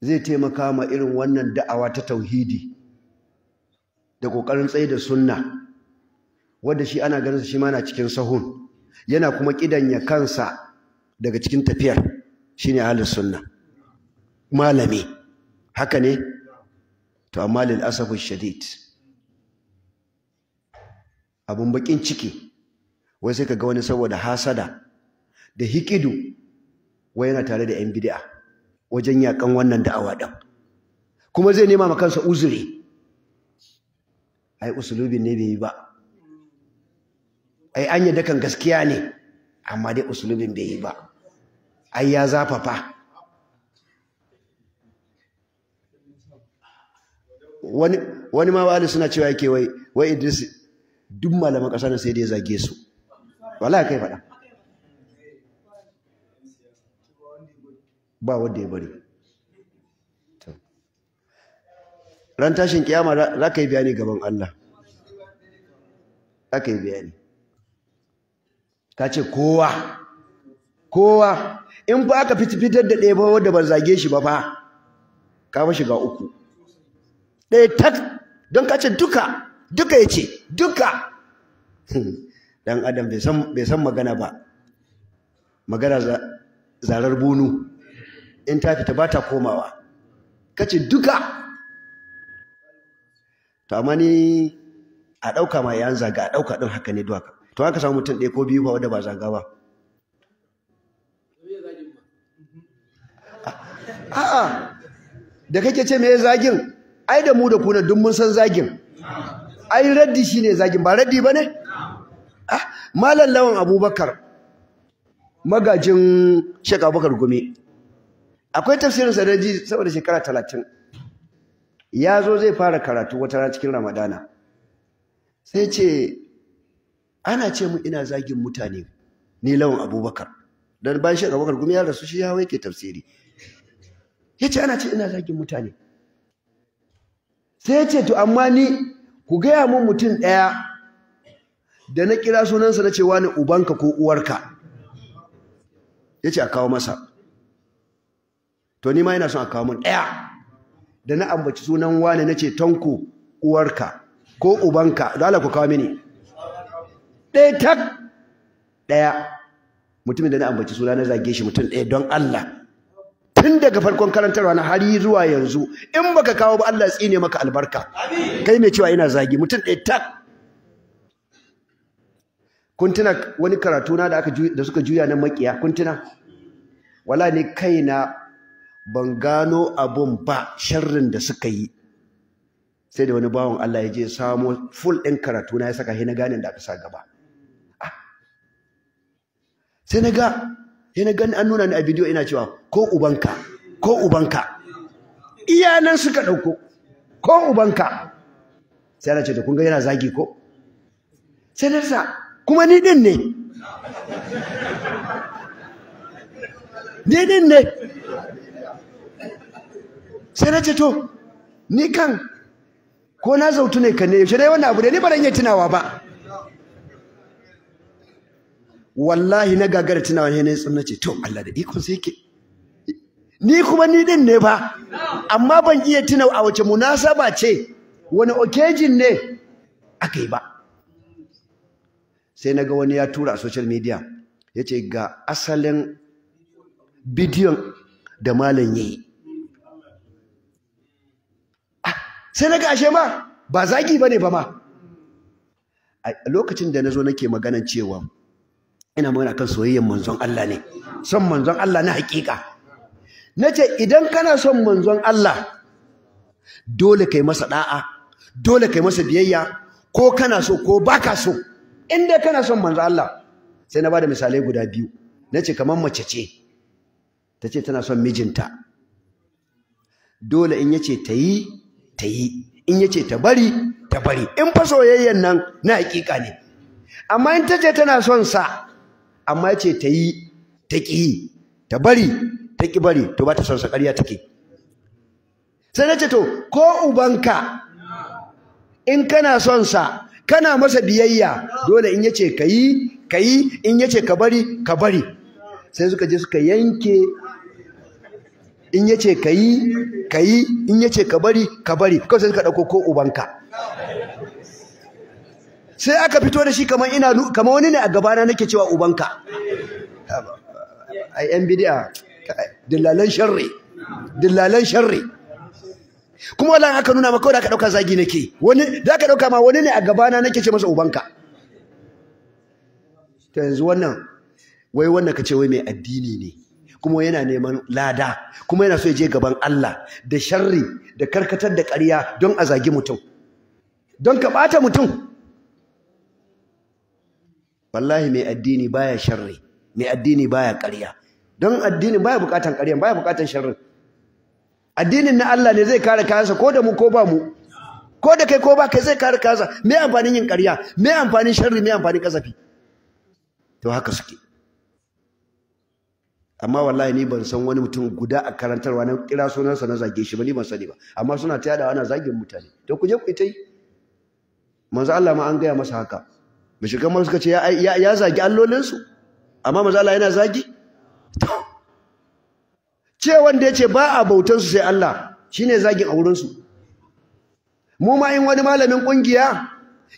zai taimaka ma irin wannan da'awa ta tauhidi da ƙoƙarin tsaye da sunna wadda shi ana ganin shi mana cikin sahun yana kuma kidanya kansa daga cikin tafiyar shi ne halin sunna malami haka ne to amma lil asafu shadid abun bakin ciki wai sai ka ga wani saboda hasada da hikidu wai yana tare da 'yan bid'a wajen yakan wannan da'awa ɗin kuma zai nema ma kansa uzuri ai usulubin ne bai yi ba ai an yadda kan gaskiya ne amma dai usulubin bai yi ba ai ya zafafa wani ma wa'ali suna cewa yake wai wai idris duk malaman ƙasa na sai dai zage su wallahi kai faɗa ba wanda ya bari ran tashin kiyama za ka yi bayani gaban Allah za ka yi bayani ka ce kowa kowa in ba ka fitar da ɗaya ba wanda ban zage shi ba fa ka fa shiga uku ɗaya tak don ka ce duka duka ya ce duka dan adam bai san magana ba magana zarar bunu in ta fita ba ta komawa kace duka to amma ni a ɗauka ma yan zaga a ɗauka ɗin haka ne duwaka to haka samu mutum ɗaya ko biyu ba wanda ba zaga ba a'a da kake ce me zagin ai da mu da kuna duk mun san zagin ai raddi shine zagin ba raddi ba ne ah malam lawan abubakar magajin shek abubakar gumi akwai tafsirin sa saboda shekara talatin ya zo zai fara karatu wata rana cikin ramadana sai ce ana ce mu ina zagin mutane ni lawan abubakar dan bayan shek abubakar gumi ya rasu shi ya ke tafsiri ya ce ana ce ina zagin mutane sai ya ce to amma ni ku gaya mun mutum ɗaya da na kira sunansa na cewa ne ubanka ko uwarka ya ce a kawo masa to ni ma yana son a kawo mun ɗaya da na ambaci sunan wane na ce tanko uwarka ko ubanka Za ala ku kawo mini ɗaya tak ɗaya mutumin da na ambaci suna na zage shi mutum ɗaya don Allah tun daga farkon karantarwa na hari zuwa yanzu in baka kawo ba Allah tsine maka albarka kai mai cewa ina zagi mutum ɗaya tak kun tuna wani karatu na da aka da suka juya nan makiya kun tuna wala ne kaina ban gano abun ba sharrin da suka yi sai da wani bawan Allah ya je samo full ɗin karatu na ya saka hina ganin da aka sa gaba ah! sai na ga Hina na gani an nuna ni a bidiyo ina cewa ko ubanka ko ubanka iyanan nan suka ɗauko ko ubanka sai na ce da kun ga yana zagi ko sai na sa kuma ni din ne ni din ne sai na ce to ni kan ko na zautu ne kan ne yaushe dai wannan abu da ni ba iya tunawa ba wallahi na gagara tunawa ne na tsunna ce to Allah da ikon sai yake ni kuma ni din ne ba amma ban iya tuna a wace munasaba ce wani okejin ne aka yi ba sai na ga wani ya tura a social media ya ce ga asalin bidiyon da malam yi ah, sai na ga ashe ma ba zagi ba ne ba ma a lokacin da na zo nake maganan cewa ina magana kan soyayyen manzon Allah ne son manzon Allah na hakika nace idan kana son manzon Allah dole kai masa da'a dole kai masa biyayya ko kana so ko baka so Inda kana son manzo Allah sai na bada misalai guda biyu nace kamar mace ce tace tana son mijinta dole in yace ta yi ta yi in yace ta bari ta bari in fa soyayyen nan na hakika ne amma in tace tana son sa amma yace ta yi ta ki ta bari ta ki bari to ba ta son sa ƙarya take sai nace to ko ubanka in kana son sa kana masa biyayya dole in yace kayi kayi in yace ka bari ka bari sai suka je suka yanke in yace kayi kayi in yace ka bari ka bari kawai sai suka dauko ko ubanka sai aka fito da shi kamar ina kamar wani ne a gabana nake cewa ubanka ai yan bid'a dillalan sharri dillalan sharri kuma wallahi aka nuna maka da ka dauka zagi nake wani da ka dauka ma wani ne a gabana nake ce masa ubanka ta yanzu wannan wai wannan kace wai mai addini ne kuma yana neman lada kuma yana so ya je gaban Allah da sharri da karkatar da ƙarya don a zagi mutum don ka bata mutum wallahi mai addini baya sharri mai addini baya ƙarya don addini baya bukatan ƙarya baya bukatan sharri addinin na Allah ne zai kare kayansa ko da mu ko ba mu ko da kai ko ba kai zai kare kayansa me amfanin yin ƙarya me amfanin sharri me amfanin kasafi to haka suke amma wallahi ni ban san wani mutum guda a karantarwa na kira sunansa na zage shi ba ni ban sani ba amma suna ta yada ana zagin mutane to ku je ku ita yi manzo Allah ma an gaya masa haka mushrikan ma suka ce ya ya, ya zagi allolinsu amma manzo Allah yana zagi to ce wanda ya ce ba a bautansu sai Allah shi ne zagin a wurinsu mu ma in wani malamin ƙungiya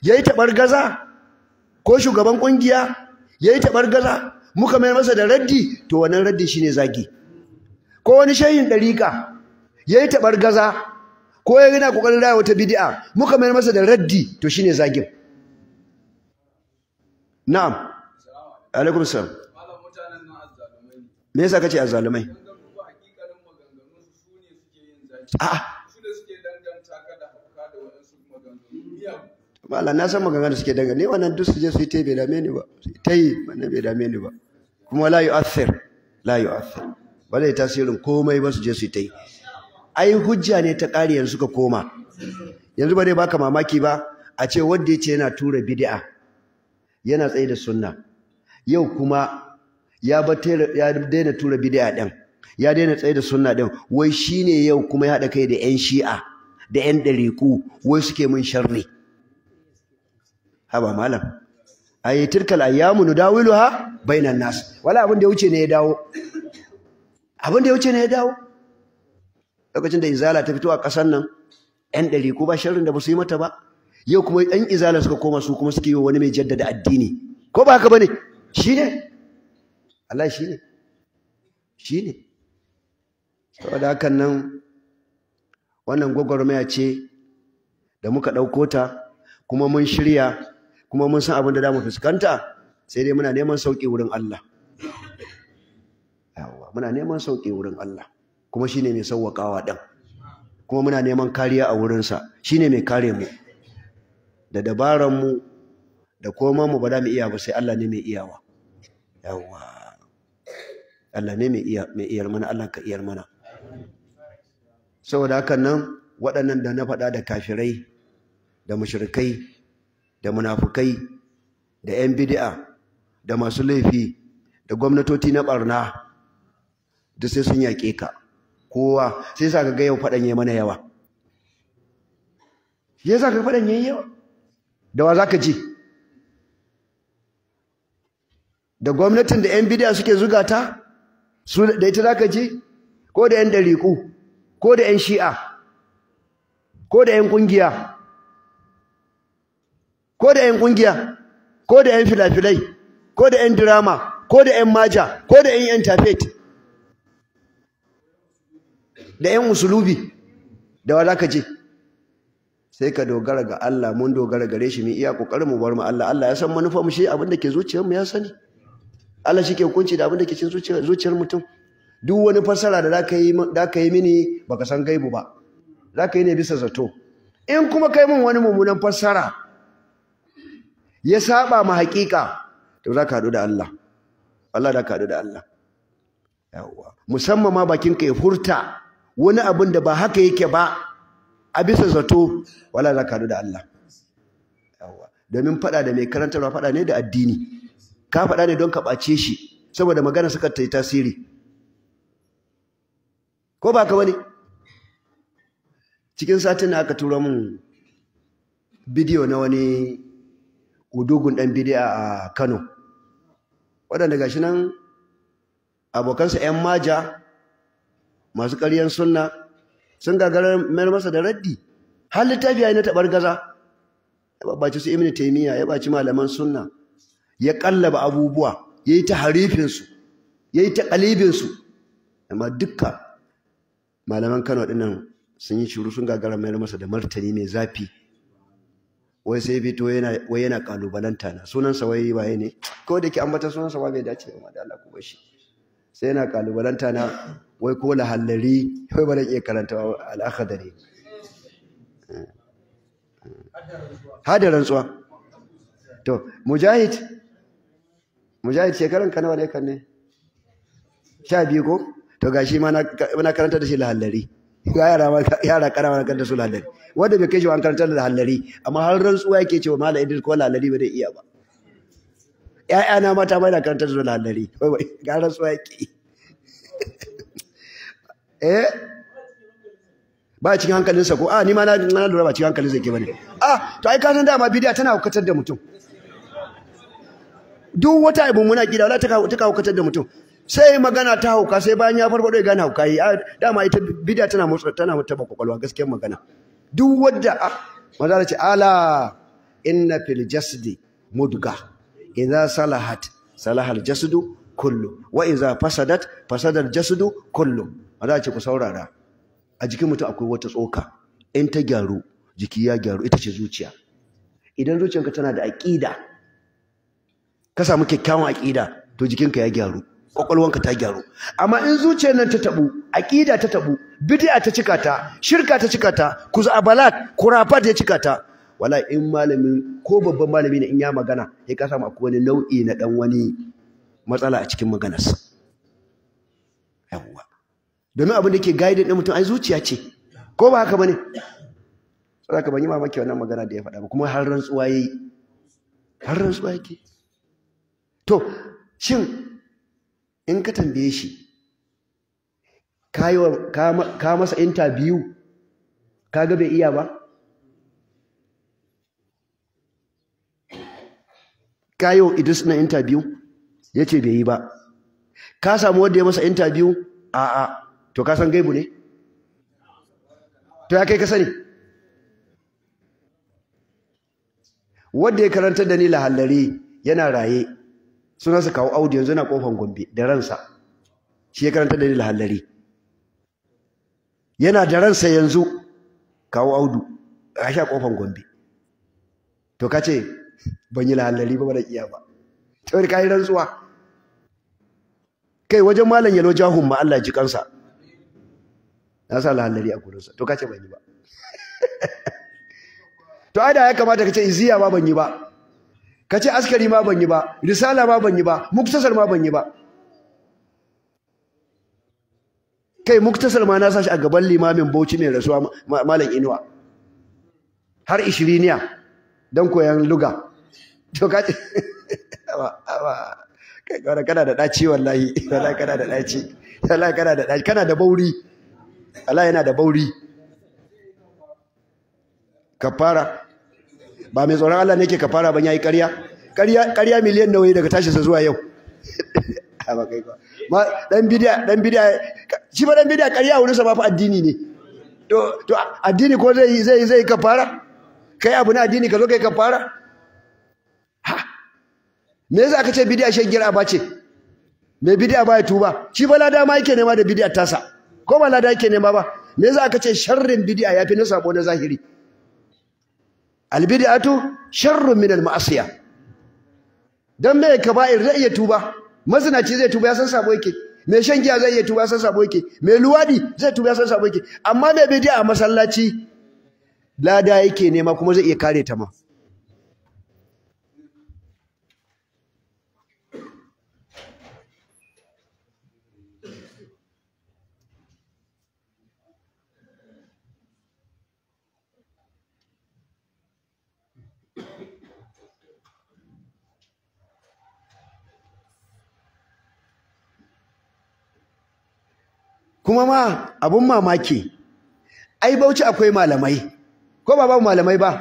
ya yi taɓar gaza ko shugaban ƙungiya ya yi taɓar gaza muka mai masa da raddi to wannan raddi shi ne zagi ko wani shayin ɗariƙa ya yi taɓar gaza ko ya gina ƙoƙarin raya wata bidi'a muka mai masa da raddi to shi ne zagin na'am alaikum salam me yasa kace azzalumai a'a na san maganganu da suke daga ne wannan duk su je su yi tai bai dame ni ba su ta yi wannan bai dame ni ba kuma la yu'athir la yu'athir ba zai tasirin komai ba su je su yi ta yi ai hujja ne ta ƙari yanzu ka koma yanzu ba dai baka mamaki ba a ce wanda ya ce yana tura bid'a yana tsaye da sunna yau kuma ya daina tura bid'a din ya daina tsaye da sunna din wai shine yau kuma ya haɗa kai da yan shi'a da yan ɗariku wai suke mun sharri haba malam ayi tilkal ayyamu nudawiluha bainan nas wala abin da ya wuce ne ya dawo abin da ya wuce ne ya dawo lokacin da izala ta fito a ƙasar nan yan ɗariku ba sharrin da ba su yi mata ba yau kuma yan izala suka koma su kuma suke yi wani mai jaddada addini ko ba haka bane shine Allah shine shine saboda hakan nan wannan gwagwarmaya ce da muka ɗauko ta kuma mun shirya kuma mun san abin da za mu fuskanta sai dai muna neman sauƙi wurin Allah yawa muna neman sauƙi wurin Allah kuma shine mai sauwaƙawa ɗan kuma muna neman kariya a wurinsa shine mai kare mu da dabaran mu da koma mu ba za mu iya ba sai Allah ne mai iyawa yawa Allah ne mai iyar mana Allah ka iyar mana saboda hakan nan waɗannan da na faɗa da kafirai da mushrikai da munafukai da 'yan bidi'a, da masu laifi da gwamnatoci na ɓarna da sai sun yaƙe ka kowa sai sa ka ga yau faɗan yayi mana yawa ya sa ka faɗan yayi yawa da wa za ka ji da gwamnatin da 'yan bidi'a suke zugata su da ita za ka ji ko da 'yan ɗariƙu ko da 'yan shi'a ko da 'yan ƙungiya ko da 'yan ƙungiya ko da 'yan filafilai ko da 'yan dirama ko da 'yan maja ko da 'yan interfet da 'yan musulubi. da wa ka je sai ka dogara ga Allah mun dogara gare shi mu iya kokarin mu bar mu Allah Allah ya san manufar mu shi abin da ke zuciyar mu ya sani Allah shi ke hukunci da abin da ke cikin zuciyar mutum duk wani fassara da za ka yi mini ba ka san gaibu ba Za ka yi ne bisa zato in kuma kai min wani mummunan fassara ya saba ma hakika to za ka haɗu da Allah Allah ka haɗu da Allah yawwa musamman ma bakin ka ya furta wani abin da ba haka yake ba a bisa zato wala ka haɗu da Allah yawwa domin faɗa da mai karantarwa faɗa ne da addini ka faɗa ne don ka ɓace shi saboda magana suka ta yi tasiri ko ba ka bane cikin satin na aka turo mun bidiyo na wani udugun dan bidiya a Kano waɗanda gashi nan abokansa 'yan maja masu ƙaryan sunna sun gagara mayar masa da raddi har littafi ya yi na taɓar gaza ya ɓaɓaci su imini taimiyya ya ɓaci malaman sunna ya ƙallaba abubuwa ya yi ta harifinsu ya yi ta ƙalibinsu amma dukka malaman Kano nan sun yi shuru sun gagara mai masa da martani mai zafi wai sai fito wai yana kalubalanta na sunansa wai waye ne ko da ke ambata sunansa ba bai dace ba da Allah ku sai yana kalubalanta na wai ko lahallari wai ba zan iya karanta al'akadari hada rantsuwa to mujahid mujahid shekaran ka ne kan ne sha biyu ko to ga ma mana karanta da shi lahallari ga yara ma yara karama na karanta su lahallari wanda bai kai shi an karanta da lahallari amma har rantsuwa yake cewa malam Idris ko lahallari ba zai iya ba ƴaƴana mata ma na karanta da lahallari wai wai ga rantsuwa yake eh ba cikin hankalinsa ko a ni ma na lura ba cikin hankalinsa yake bane a to ai ka san dama bidiya tana hukatar da mutum duk wata abu muna gida wala ta hukatar da mutum sai magana ta hauka sai bayan ya farfado ya gane hauka yi dama ita bid'a tana motsa tana mutaba kwakwalwa gaskiyar magana duk wadda maza ce ala inna fil jasdi mudga idza salahat salahal jasdu kullu wa idza fasadat fasadal jasdu kullu maza ce ku saurara a jikin mutum akwai wata tsoka in ta gyaru jiki ya gyaru ita ce zuciya idan zuciyarka tana da aƙida ka samu kyakkyawan aƙida to jikinka ya gyaru kwakwalwanka ta gyaru amma in zuciyar nan ta tabu aqida ta tabu bid'a ta cika ta shirka ta cika ta abalat kurafat ya cika ta wallahi in malamin ko babban malami ne in ya magana sai ka samu akwai wani nau'i na dan wani matsala a cikin maganarsa yawwa domin abin da ke guide din mutum ai zuciya ce ko ba haka bane saboda ban yi mamaki wannan magana da ya faɗa ba kuma har rantsuwa yayi har rantsuwa yake to shin in ka tambaye shi ka masa intabiyu ka ga bai iya ba ka yi wa idris na intabiyu ya ce bai yi ba ka samu wanda ya masa intabiyu a'a to ka san gaibu ne to ya kai ka sani wanda ya karanta da ni lahallare yana raye suna su kawo Audu yanzu na kofan Gombe da ransa shi ya karanta da ni hallari yana da ransa yanzu kawo Audu a sha kofan Gombe to ka ce ban yi lahallari ba ba da iya ba ta wani kayi rantsuwa kai wajen malam yalo jahun ma Allah ji kansa na sa lahallari a gurinsa to ka ce ban yi ba to ai da ya kamata ka ce iziya ba ban yi ba ka ce askari ma ban yi ba risala ma ban yi ba muktasar ma ban yi ba kai muktasar ma na sashi a gaban limamin bauchi mai rasuwa malam inuwa har ishiriniya don koyan luga to ka ce kai kana da ɗaci wallahi wallahi kana da ɗaci wallahi kana da ɗaci kana da bauri Allah yana da bauri ka fara ba mai tsoron Allah ne yake kafara ban yayi ƙarya ƙarya ƙarya miliyan nawa daga tashinsa zuwa yau ma dan bidiya dan bidiya shi ba dan bidiya ƙarya wurin sa ba fa addini ne to to addini ko zai zai zai kafara kai abu na addini ka zo kai kafara ha me yasa aka ce bidiya shegiyar ba ce me bidiya ba ya tuba shi ba lada ma yake nema da bidiya tasa ko ba lada yake nema ba me yasa aka ce sharrin bidiya yafi na sabo na zahiri albid'atu sharrun min al-ma'asiya dan me kaba'ir zai iya tuba mazinaci zai tuba ya san sabo yake me shan giya zai iya tuba ya san sabo yake me luwadi zai tuba ya san sabo yake amma me bid'a a masallaci lada yake nema kuma zai iya kare ta ma kuma ma abin mamaki ai bauchi akwai malamai ko ba babu malamai ba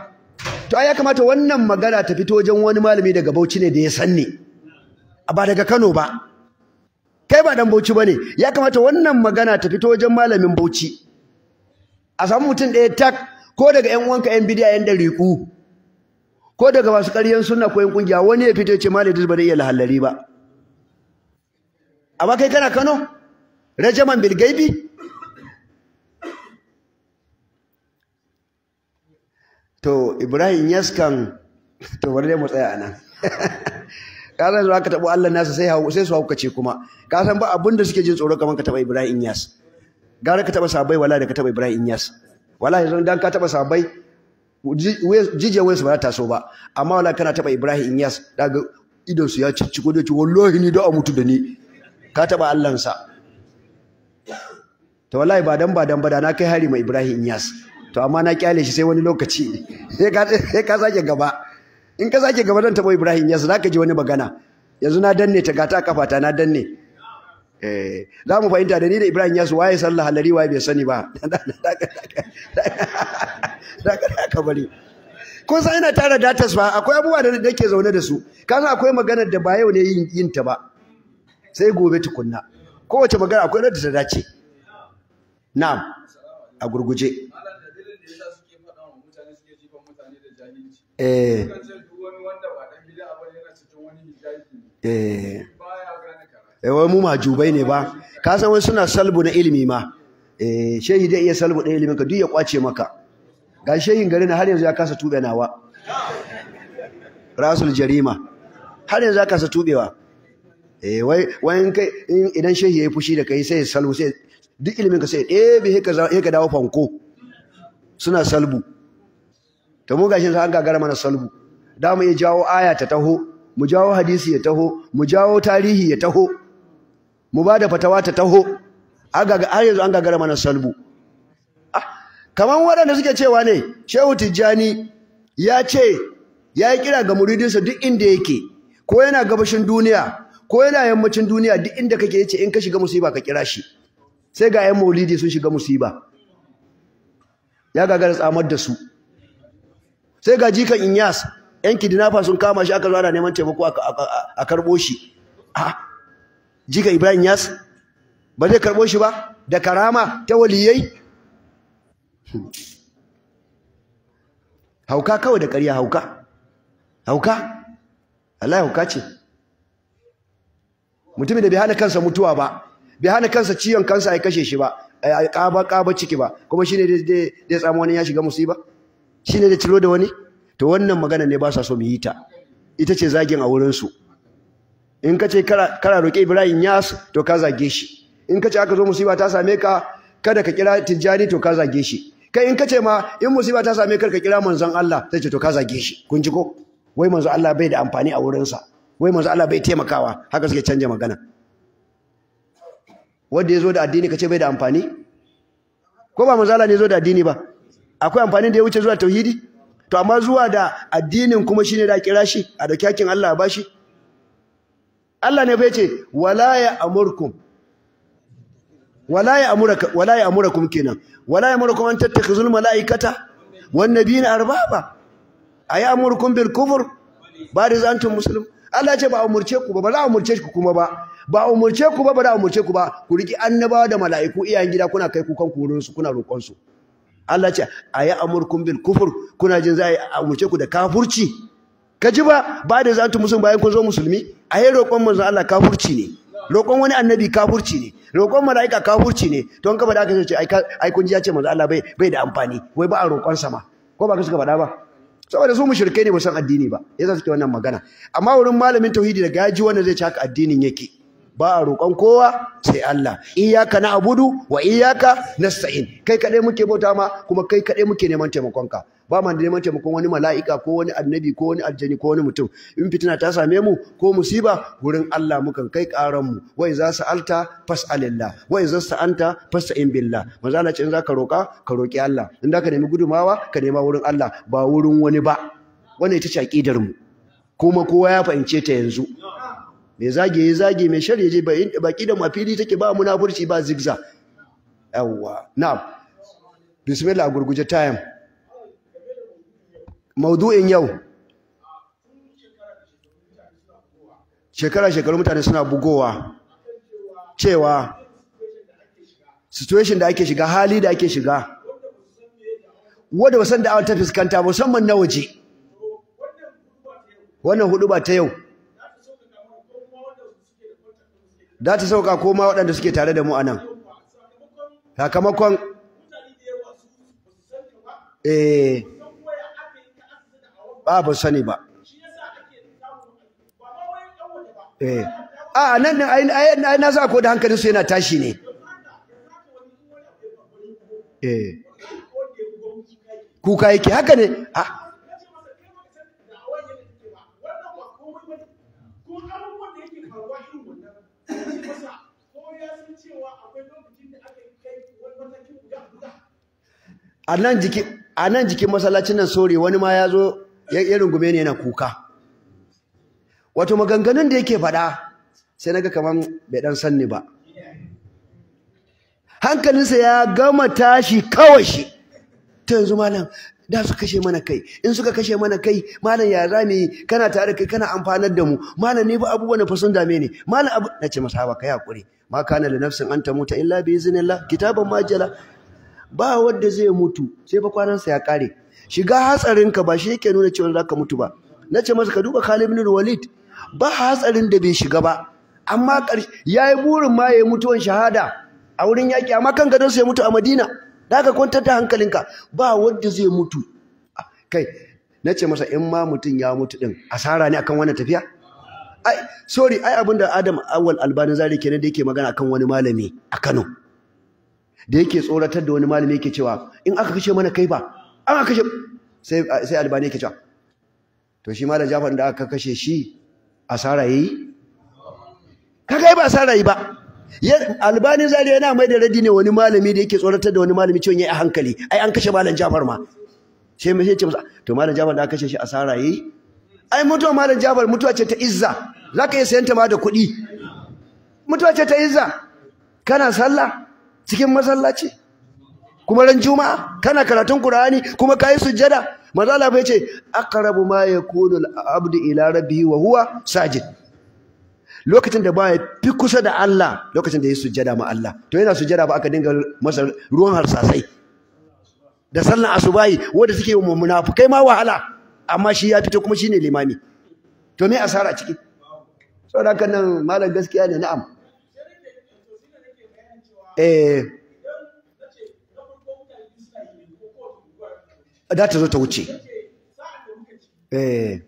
to ai ya kamata wannan magana ta fito wajen wani malami daga bauchi ne da ya san ba daga Kano ba kai ba dan bauchi bane ya kamata wannan magana ta fito wajen malamin bauchi a samu mutum ɗaya tak ko daga ƴan uwanka ƴan bidiya ƴan dariku ko daga masu ƙaryan sunna ko ƴan kungiya wani ya fito ya ce malami ba zai iya lahallari ba amma kai kana Kano rajaman bil gaibi to ibrahim yaskan to bari mu tsaya anan kasan zuwa ka taɓo Allah nasa sai sai su haukace kuma kasan ba abinda da suke jin tsoro kamar ka taɓa Ibrahim Yas gara ka taɓa sabai wala da ka taɓa Ibrahim Yas wala yanzu dan ka taɓa sabai jijiyar wayansu ba za ta so ba amma wala kana taɓa Ibrahim Yas daga idonsu ya cicciko da ci wallahi ni da a mutu da ni ka taɓa Allahnsa to wallahi ba dan ba dan ba da na kai hari mai Ibrahim Iyas to amma na kyale shi sai wani lokaci sai ka sake gaba in ka sake gaba dan tabo Ibrahim Iyas zaka ji wani magana yanzu na danne ta gata kafata na danne eh za mu fahimta da ni da Ibrahim Iyas waye sallah halari waye bai sani ba da bari ko sai ina tara datas ba akwai abubuwa da nake zaune da su kasan akwai maganar da ba yau ne yin ta ba sai gobe tukunna kowace magana akwai da ta dace Na a gurguje eh eh. eh wai mu jubai ne ba ka san wai suna salbu na ilimi ma eh shehi dai iya salbu da ilimin ka duk ya kwace maka ga shehin na har yanzu ya kasa tube nawa rasul jarima har yanzu ya kasa tubewa eh wai wai in idan shehi yayi fushi da kai sai salbu sai duk ilimin ka sai ɗebe haka dawo fanko suna salbu ta mu gashin an gagara mana salbu da mu iya jawo aya ta taho mu jawo hadisi ya taho mu jawo tarihi ya taho mu ba da fatawa ta taho har yanzu an gagara mana salbu ah, kamar waɗanda suke cewa ne shehu tijjani ya ce ya yi kira ga muridinsa duk inda yake ko yana gabashin duniya ko yana yammacin duniya duk inda kake yace in ka shiga musu ba ka kira shi sai ga 'yan maulidi sun shiga musiba ya gagara tsamar da su sai ga jikan inyas 'yan kidnapa sun kama shi aka zo ana neman taimako a karɓo shi jikan ibrahim yas ba zai karɓo shi ba da karama ta waliyai hauka kawai da ƙarya hauka hauka Allah hauka ce mutumin da bai hana kansa mutuwa ba bai hana kansa ciwon kansa ya kashe shi ba ƙaba ƙaba ciki ba kuma shine dai dai tsamo wani ya shiga musiba shine da ciro da wani to wannan magana ne ba sa so mu yi ta ita ce zagin a wurin su in ka ce kara roƙe Ibrahim Yas to ka zage shi in ka ce aka zo musiba ta same ka kada ka kira Tijjani to ka zage shi kai in ka ce ma in musiba ta same ka ka kira manzon Allah sai ce to ka zage shi kun ji ko wai manzon Allah bai da amfani a wurinsa wai manzon Allah bai taimakawa haka suke canja magana wanda ya zo da addini ka ce bai da amfani ko ba mazala ne zo da addini ba akwai amfani da ya wuce zuwa tauhidi to amma zuwa da addinin kuma shine da kira shi a da kyakin Allah ba shi Allah ne bai ce wala ya amurkum wala ya amuraka wala ya amurakum kenan wala ya amurakum an tattakhizul malaikata wan nabiyina arbaba ay amurkum bil kufr bariz antum muslim Allah ce ba umurce ku ba ba za umurce ku kuma ba ba umurce ku ba ba da umurce ku ba ku riki annabawa da mala'iku iyayen gida kuna kai kukan kurin su kuna roƙon su Allah ce ayi amurkum bil kufur kuna jin za a umurce ku da kafurci kaji ba ba da zantu musulmi bayan kun zo musulmi ayi roƙon manzon Allah kafurci ne roƙon wani annabi kafurci ne roƙon mala'ika kafurci ne To an kaba da aka ce ai kun ji ya ce manzo Allah bai bai da amfani wai ba a roƙon sa ma ko ba ka suka faɗa ba saboda su mushrikai ne ba san addini ba yasa suke wannan magana amma wurin malamin tauhidi daga ya wanda zai ci haka addinin yake ba a roƙon kowa sai Allah iyyaka na'budu wa iyyaka nasta'in kai kaɗai muke bauta ma kuma kai kaɗai muke neman taimakon ka ba ma neman taimakon wani mala'ika ko wani annabi ko wani aljani ko wani mutum in fitina ta same mu ko musiba wurin Allah mukan kai karan mu za idza sa'alta fas'alillah wa idza sa'anta fas'in billah Maza Allah ce in zaka roƙa ka roƙi Allah in zaka nemi gudumawa ka nema wurin Allah ba wurin wani ba wannan ita ce aqidar mu kuma kowa ya fahimce ta yanzu mai zage ya zage mai shari je baki da mafili take ba munafurci ba zigza yawwa na'am bismillah gurguje time maudu'in yau shekara shekaru mutane suna bugowa cewa situation da ake shiga hali da ake shiga wanda ba san da ta fuskanta musamman na waje wannan hudu ba ta yau Za ta sauka koma waɗanda suke tare da mu a nan sakamakon eh ba ba sani ba eh a nan ne ai na sa ko da hankalin su yana tashi ne eh kuka yake haka ne ah a nan jikin masallacin nan sore wani ma ya zo ya rungume ne yana kuka wato maganganun da yake faɗa sai na ga kamar bai dan sanni ba hankalinsa ya gama tashi kawai shi ta yanzu malam da su kashe mana kai in suka kashe mana kai malam ya za mu yi kana tare kai kana amfanar da mu malam ne ba abubuwan fa sun dame ne malam abu Na ce masa haba kai hakuri ma kana li nafsin an ta mutu illa bi iznillah kitaban majala ba wanda zai mutu sai fa kwanansa ya kare shiga hatsarinka ba shi yake nuna cewa za ka mutu ba na ce masa ka duba Khalid ibn Walid ba hatsarin da bai shiga ba amma ƙarshe. yayi burin ma yayi mutuwan shahada a wurin yaki amma kan gadon sa ya mutu a Madina da ka kwantar da hankalinka ba wanda zai mutu ah, kai na ce masa in ma mutum ya mutu din asara ne akan wannan tafiya ai sorry ai abinda Adam Awal Albani zari kenan da yake magana akan wani malami a Kano da yake tsoratar da wani malami yake cewa in aka kashe mana kai ba an aka kashe sai sai albani yake cewa to shi malam Jafar da aka kashe shi asara yi kaga ba asara yi ba albani zai yana mai da radi ne wani malami da yake tsoratar da wani malami cewa yayi a hankali ai an kashe malam Jafar ma sai mai ce masa to malam Jafar da aka kashe shi asara yi. ai mutuwa malam Jafar mutuwa ce ta izza zaka iya sayan ta ma da kuɗi mutuwa ce ta izza kana sallah cikin masallaci kuma ran juma'a kana karatun qur'ani kuma kai sujjada manzo Allah bai ce aqrabu ma yakunu al-abdu ila rabbihi wa huwa sajid lokacin da baya fi kusa da Allah lokacin da ya sujjada ma Allah to yana sujjada ba aka dinga masa ruwan harsasai da sallan asubahi wanda suke wa munafikai ma wahala amma shi ya fito kuma shine limami to me asara ciki saboda kan nan malam gaskiya ne na'am eh da ta zo ta wuce eh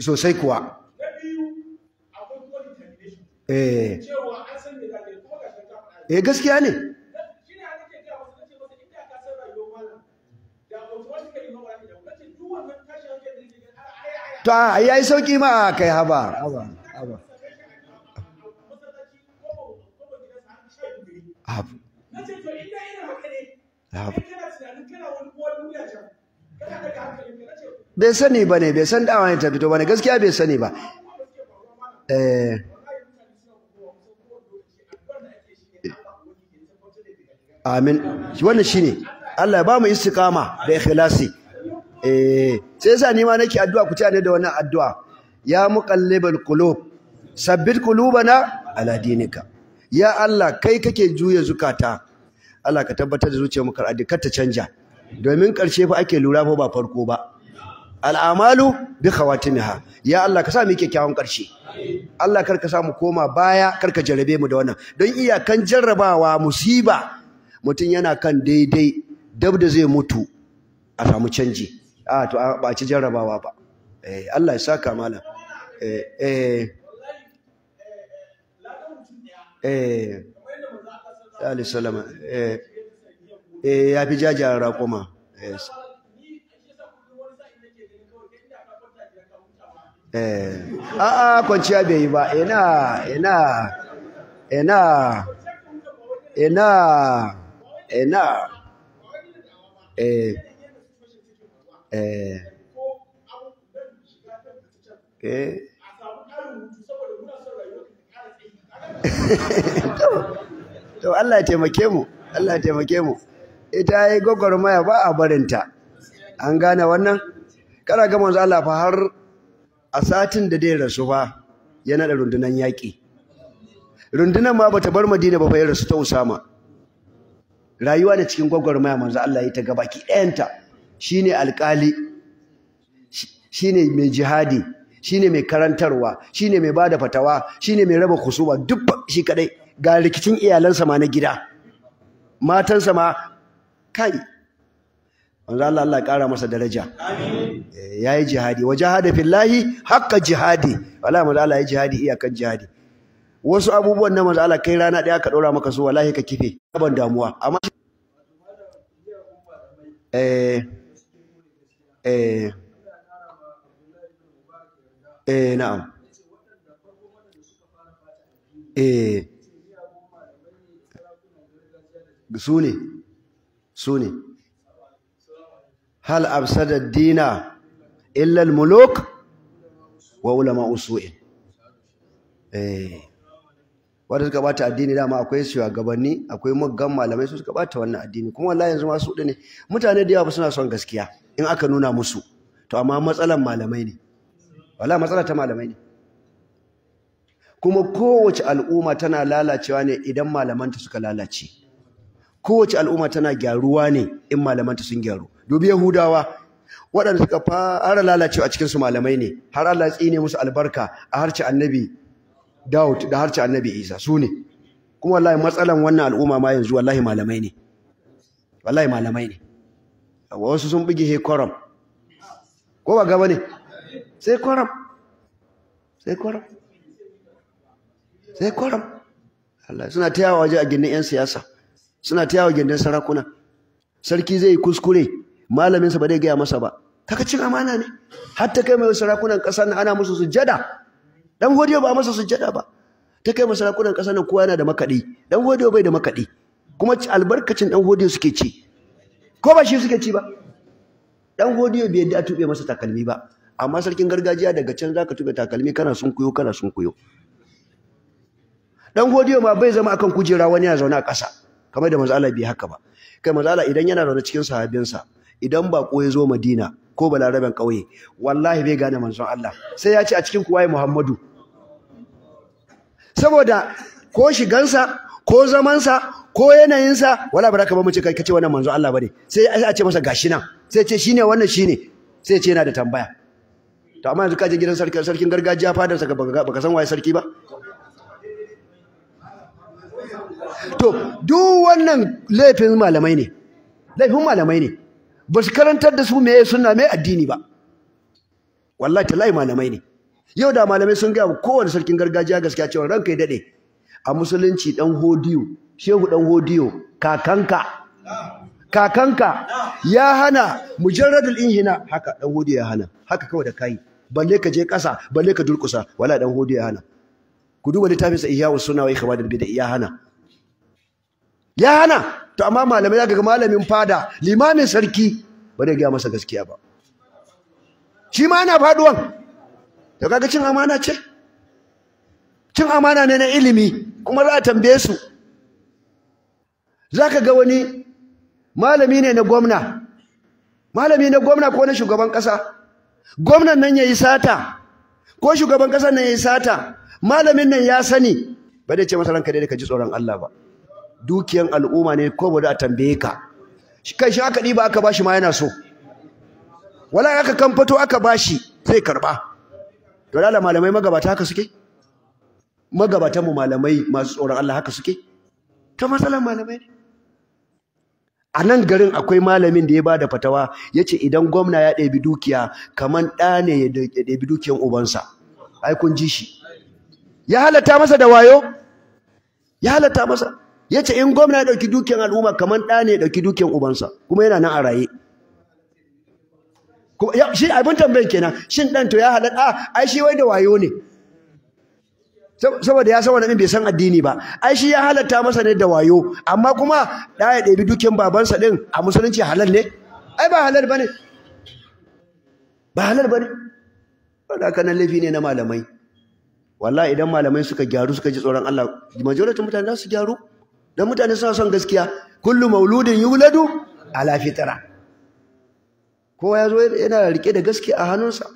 sosai kuwa eh eh gaskiya ne ta yayi sauki ma kai haba haba Ahab Ahab bai sani ba ne bai san dama ne ta fito ba ne gaskiya bai sani ba eh amin wannan shine Allah ya ba mu istiqama da ikhlasi eh sai yasa ni ma nake addu'a ku tare da wannan addu'a ya muqallibal qulub sabbit qulubana ala dinika ya Allah kai kake juya zukata Allah ka tabbatar da zuciyar mu karadi kar ta canja domin karshe fa ake lura fa ba farko ba al'amalu bi khawatimha ya Allah ka sa mu kyakkyawan karshe Allah kar ka sa mu koma baya kar ka jarrabe mu da wannan don iyakan jarrabawa musiba mutum yana kan daidai dab da zai mutu a samu canji a to ba ci jarrabawa ba eh Allah ya saka malam eh eh eh alaihi salama eh, eh ya fi jajayen raƙuma eh, a'a kwanciya bai yi ba ina ina ina ina ina eh eh eh to Allah ya taimake mu Allah ya taimake mu ita yi gwagwarmaya ba a barinta an gane wannan kana ga manzo Allah fa har a satin da dai rasu ba ya da rundunan yaƙi rundunan ma bata bar Madina ba fa rasu ta Usama rayuwa da cikin gwagwarmaya manzo Allah ya ta gaba ki ɗayanta shine alƙali shine mai jihadi shine mai karantarwa shine mai bada fatawa shine mai raba kusuba duk shi kadai ga rikicin iyalansa ma na gida matansa ma kai manzo Allah Allah ƙara masa daraja amin eh, yayi jihadi wa jahada fillahi haqqa jihadi wala manzo Allah ya jihadi iyakan jihadi wasu abubuwan na manzo Allah kai rana daya ka dora maka su wallahi ka kife ban damuwa amma eh eh eh na'am eh su ne su ne hal absada dina illa al muluk wa ulama usu'in eh wanda suka bata addini dama akwai shugabanni akwai muggan malamai su suka bata wannan addini kuma wallahi yanzu ma su ne mutane da yawa suna son gaskiya in aka nuna musu to amma matsalan malamai ne wala matsala ta malamai ne kuma kowace al'umma tana lalacewa ne idan malamanta suka lalace kowace al'umma tana gyaruwa ne in malamanta sun gyaru dubi yahudawa waɗanda suka fara lalacewa a cikinsu malamai ne har Allah tsine musu albarka a harce annabi Dawud da harce annabi Isa su ne kuma wallahi matsalan wannan al'umma ma yanzu wallahi malamai ne wallahi malamai ne wasu sun buge he ko ba gaba ne sai kwaram sai kwaram sai kwaram Allah suna tayawa waje a gindin 'yan siyasa suna tayawa gindin sarakuna sarki zai yi kuskure malaminsa ba zai gaya masa ba Kaka cin amana ne har ta kai mai sarakunan ƙasar nan ana musu sujjada dan godiyo ba masa sujjada ba ta kai mai sarakunan ƙasar nan kowa yana da makaɗi dan godiyo bai da makaɗi kuma albarkacin dan godiyo suke ci ko ba shi suke ci ba dan godiyo bai yadda a tuɓe masa takalmi ba amma sarkin gargajiya daga can za ka tuka takalmi kana sun kuyo kana sun kuyo dan godiyo ma bai zama akan kujera wani ya zauna a ƙasa kamar da manzo Allah bai haka ba kai manzo idan yana zaune cikin sahabinsa idan bako ya zo Madina ko balaraben ƙauye wallahi bai gane manzon Allah sai ya ce a cikin kuwaye Muhammadu saboda ko shigansa ko zamansa ko yanayinsa wala baraka ba mu ce kai kace wannan manzon Allah bane sai a ce masa gashi nan sai ce shine wannan shine sai ce yana da tambaya to amma yanzu ka gidan sarki sarkin gargajiya fadar sa baka san waye sarki ba to duk wannan laifin malamai ne laifin malamai ne ba su karantar da su meye suna me addini ba wallahi tallahi malamai ne yau da malamai sun gaya kowane sarkin gargajiya gaskiya cewa ranka ya dade a musulunci dan hodiyo shehu dan hodiyo kakanka kakanka ya hana mujarradul inhina haka dan hodiyo ya hana haka kawai da kai balle ka je ƙasa balle ka durƙusa wala dan hodi ya hana ku duba littafin sa suna wai wa ikhwanul bid'a ya hana ya hana to amma malamai zaka ga malamin fada limamin sarki ba dai ga masa gaskiya ba shi ma ana faduwan to kaga cin amana ce cin amana ne na ilimi kuma za a tambaye su zaka ga wani malami ne na gwamna malami na gwamna ko na shugaban kasa gwamnan nan ya yi sata ko shugaban kasar nan ya yi sata malamin nan ya sani ba da ce masa ranka daidai ka ji tsoron Allah ba dukiyan al'umma ne ko ba da tambaye ka kai shi aka ba aka bashi ma yana so wala aka kan fito aka bashi sai karba to lalla malamai magabata haka suke magabatan mu malamai masu tsoron Allah haka suke ta matsalar malamai ne a nan garin akwai malamin da ya bada fatawa ya ce idan gwamna ya ɗabi dukiya kamar ɗa ne ya ɗabi dukiyan ubansa ai kun ji shi ya halatta masa da wayo ya halatta masa ya ce in gwamna ya ɗauki dukiyan al'umma kamar ɗa ne ya ɗauki dukiyan ubansa kuma yana nan a raye shi abin tambayin kenan shin ɗan to ya halatta ah, ai shi wai da wayo ne saboda ya san wannan bai san addini ba ai shi ya halatta masa ne da wayo amma kuma da ya ɗebi dukin babansa din a musulunci halal ne ai ba halal bane ba halal bane wanda haka nan laifi ne na malamai wallahi idan malamai suka gyaru suka ji tsoron Allah majority mutane za su gyaru dan mutane suna son gaskiya kullu mauludin yuladu ala fitra kowa ya zo yana rike da gaskiya a hannunsa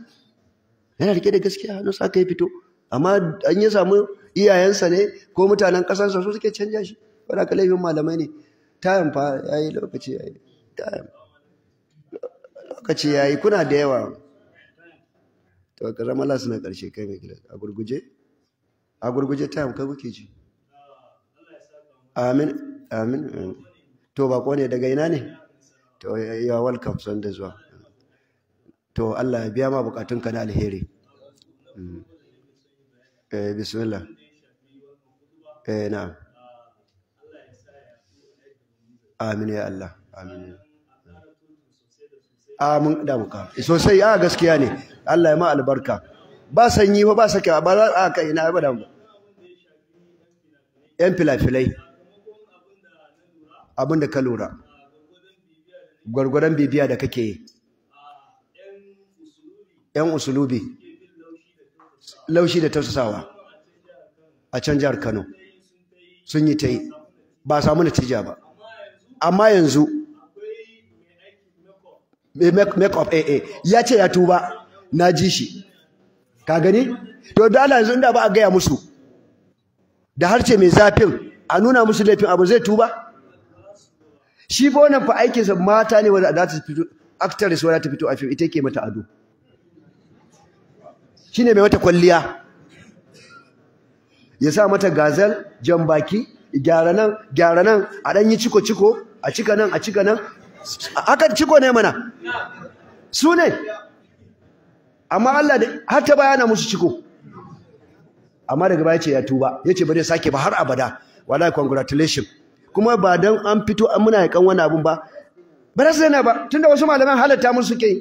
yana rike da gaskiya a hannunsa aka yi fito amma an yi samu iyayensa ne ko mutanen ƙasarsa su suke canja shi wadda ka laifin malamai ne tayan fa ya yi lokaci ya yi tayan lokaci ya yi kuna da yawa to ka zama lasu na ƙarshe kai mai gida a gurguje a gurguje tayan kai kuke ji amin amin to ba ne daga ina ne to ya welcome son da zuwa to Allah ya biya ma bukatunka na alheri hmm. eh bismillah eh na'am amin ya Allah amin a ah, mun da muka eh, sosai a ah, gaskiya ne Allah ya ma albarka ba sanyi ba ba sake ba za a kai na ba da yan filafilai abin da ka lura gwargwaron bibiya da kake yi yan usulubi laushi da tausasawa a can jihar Kano sun yi ta yi ba samu natija ba amma yanzu make up AA ya ce ya tuba na ji shi ka gani to da Allah yanzu inda ba a gaya musu da harce mai zafin a nuna musu laifin abu zai tuba shi ba wannan fa aikinsa mata ne wanda za ta fito actress wanda ta fito a fim ita ke mata ado shine mai mata kwalliya ya sa mata gazel jan baki gyara nan gyara nan a dan yi ciko ciko a cika nan a cika nan haka ciko ne mana su ne amma Allah da har ta bayana musu ciko amma daga baya ce ya tuba ce ba zai sake ba har abada wallahi congratulation kuma ba dan an fito muna yakan wani abun ba ba za su yana ba tunda wasu malaman halatta musu suke yi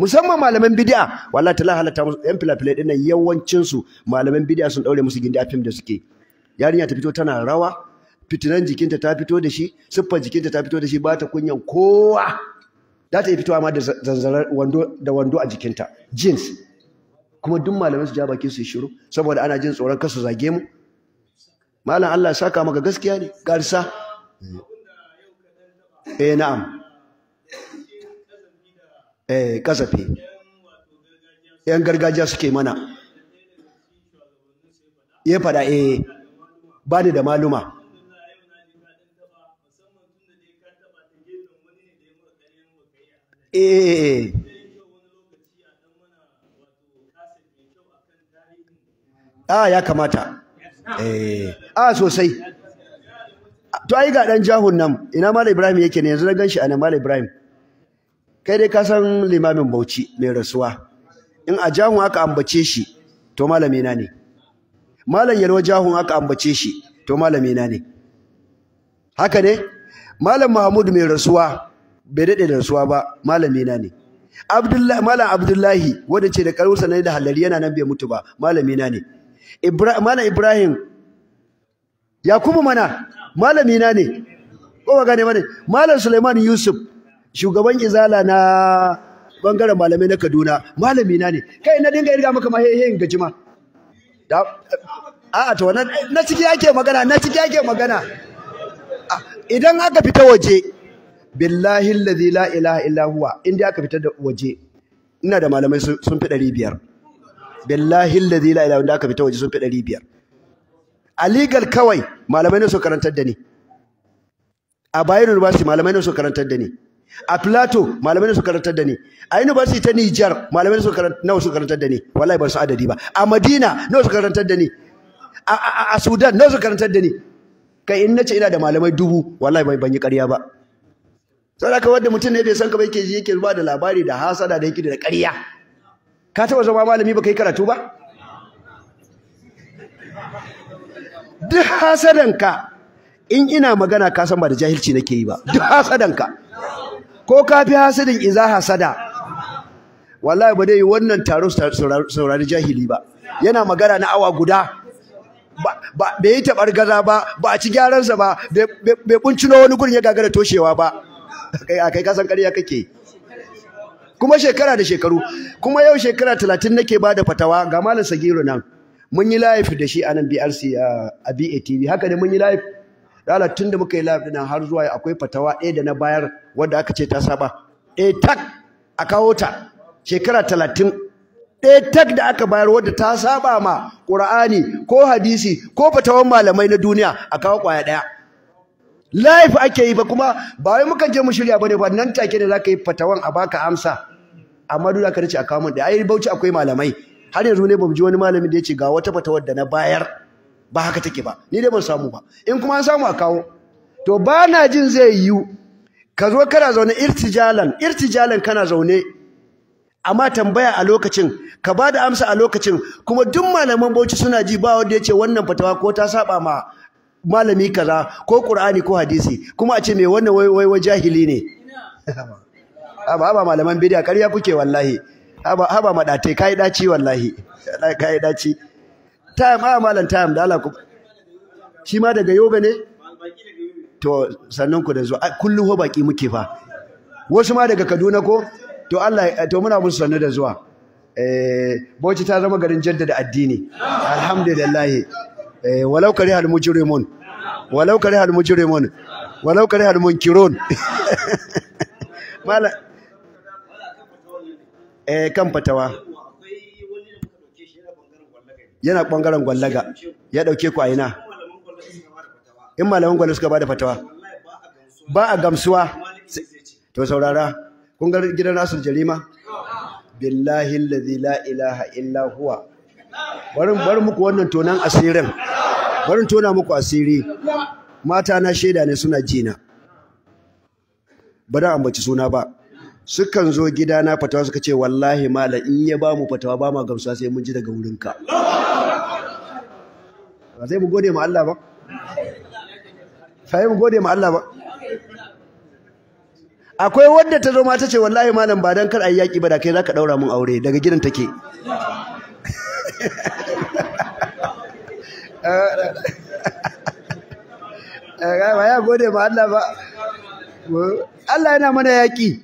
musamman malaman bid'a wallahi ta halatta musu yan filafilai dinnan yawancin su malaman bid'a sun daure musu gindi a fim da suke yarinya ta fito tana rawa fitinan jikinta ta fito da shi siffar jikinta ta fito da shi ba ta kunyan kowa za ta yi fitowa ma da zanzarar wando da wando a jikinta jeans kuma duk malaman su ja bakin su shiru saboda ana jin tsoron kasu zage mu malam Allah saka maka gaskiya ne garsa eh na'am Eh, kasafi yan gargajiya suke mana ya fada eh ba ni da maluma eh, eh, eh a ya kamata eh a sosai to ai ga dan jahun nan ina mal ibrahim yake ne yanzu na ganshi anan mal ibrahim kai dai ka san limamin bauchi mai rasuwa in a jahun aka ambace shi to malami na ne malam yalwa jahun aka ambace shi to malami na ne haka ne malam mahmud mai rasuwa bai daɗe da rasuwa ba malami na ne abdullahi malam abdullahi wanda ce da karusa ne da halari yana nan bai mutu ba malami na ne malam ibrahim yakubu mana malami na ne ko ga gane mana malam suleiman yusuf shugaban izala na bangaren malamai na Kaduna malami na ne kai na dinga irga maka mahehin gajima jima. a a to na na ciki yake magana na ciki yake magana idan aka fita waje billahi allazi la ilaha illa huwa inda aka fita da waje ina da malamai sun fi biyar billahi allazi la ilaha inda aka fita waje sun fi biyar. a legal kawai malamai ne su karantar da ni a Bayero University malamai ne su karantar da ni a plato malamai ne su karantar da ni a university ta niger malamai ne suka nawa su karantar da ni wallahi ban su adadi ba a madina nawa su karantar da ni a sudan nawa su karantar da ni kai in nace ina da malamai dubu wallahi ban yi ƙarya ba saboda wanda mutum ne bai san ka ba yake yake ba da labari da hasada da yake da ƙarya ka taɓa zama malami ba kai karatu ba duk hasadanka in ina magana ka san ba da jahilci nake yi ba duk hasadanka ko ka fi hasidin iza hasada wallahi ba dai wannan taro saurari jahili ba yana magana na awa guda ba bai yi tabar gaza ba ba a ci gyaransa ba bai kuncino wani gurin ya gagara toshewa ba a kai kasan ƙarya kake kuma shekara da shekaru kuma yau shekara talatin nake ba da fatawa ga malam sagiru nan mun yi live da shi a nan brc a batv haka ne mun yi live lala tun da muka yi live dinnan har zuwa akwai fatawa ɗaya da na bayar wadda aka ce ta saba ɗaya e, tak a kawo ta shekara talatin ɗaya e, tak da aka bayar wadda ta saba ma ƙur'ani ko hadisi ko fatawan malamai na duniya a kawo ƙwaya ɗaya live ake yi ba kuma ba wai muka je mu shirya ba ne ba nan take za ka yi fatawan a baka amsa amma duk ka dace a kawo mun da ai bauchi akwai malamai har yanzu ne mu ji wani malami da ya ce ga wata fatawar da na bayar ba haka take ba ni dai ban samu ba in kuma an samu a kawo to ba na jin zai yiwu ka zo kana zaune irtijalan irtijalan kana zaune amma tambaya a lokacin ka ba da amsa a lokacin kuma duk malaman bauchi suna ji ba wanda ya ce wannan fatawa ko ta saba ma malami kaza ko qur'ani ko hadisi kuma a ce me wannan wai wai jahili ne haba haba malaman bidiya kariya kuke wallahi haba haba madatai kai daci wallahi kai daci tayam ah, ma malam tayam da Allah ku shi ma daga yobe ne to sannan ku da zuwa kullum ho baki muke fa wasu ma daga Kaduna ko to Allah to muna musu sannu da zuwa eh Bauchi ta zama garin jaddada addini alhamdulillah eh walau hal mujrimun walau hal mujrimun walau hal munkirun mala eh kan fatawa yana ɓangaren gwallaga ya ɗauke ku a ina in malaman gwallaga suka ba da fatawa ba a gamsuwa to saurara kun ga gidan rasul jarima billahi allazi la ilaha illa huwa bari bari muku wannan tonan asirin bari tona muku asiri mata na shaida ne suna jina ba da ambaci suna ba sukan zo gidana fatawa suka ce wallahi malam in ya ba mu fatawa ba ma gamsuwa sai mun ji daga wurinka ba sai mu gode ma Allah ba sai mu gode ma Allah ba akwai wadda ta zo ma ta ce wallahi malam ba dan kar yi yaƙi ba da kai zaka daura mun aure daga gidan take eh, ba ya gode ma Allah ba Allah yana mana yaki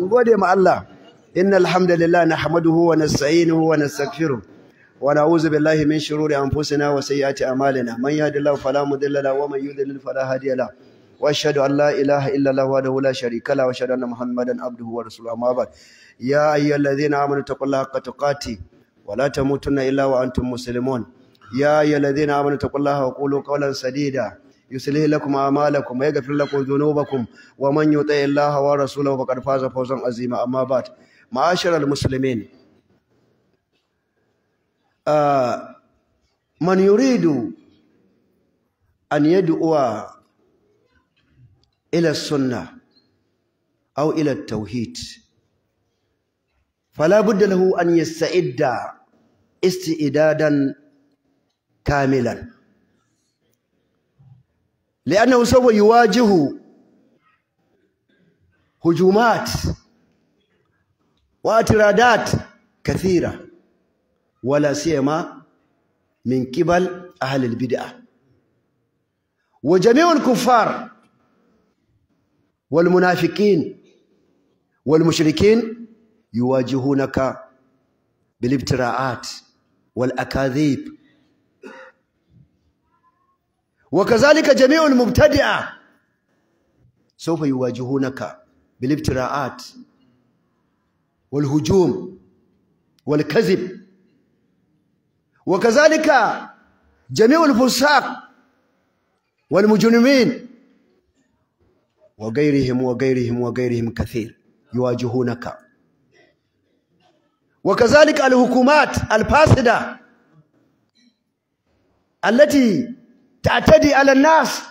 mu gode ma Allah innal hamdalillah nahmaduhu wa nasta'inuhu wa nastaghfiruh ونعوذ بالله من شرور أنفسنا وسيئات أعمالنا من يهد الله فلا مضل له ومن يضلل فلا هادي له واشهد ان لا اله الا الله وحده لا شريك له واشهد ان محمدا عبده ورسوله اما بعد يا ايها الذين امنوا اتقوا الله حق تقاته ولا تموتن الا وانتم مسلمون يا ايها الذين امنوا اتقوا الله وقولوا قولا سديدا يصلح لكم اعمالكم ويغفر لكم ذنوبكم ومن يطع الله ورسوله فقد فاز فوزا عظيما اما بعد معاشر المسلمين آه، من يريد أن يدعو إلى السنة أو إلى التوحيد فلا بد له أن يستعد استعدادا كاملا لأنه سوف يواجه هجومات واعتراضات كثيرة ولا سيما من قبل أهل البدعة وجميع الكفار والمنافقين والمشركين يواجهونك بالابتراءات والأكاذيب وكذلك جميع المبتدعة سوف يواجهونك بالابتراءات والهجوم والكذب وكذلك جميع الفساق والمجرمين وغيرهم وغيرهم وغيرهم كثير يواجهونك وكذلك الحكومات الفاسدة التي تعتدي على الناس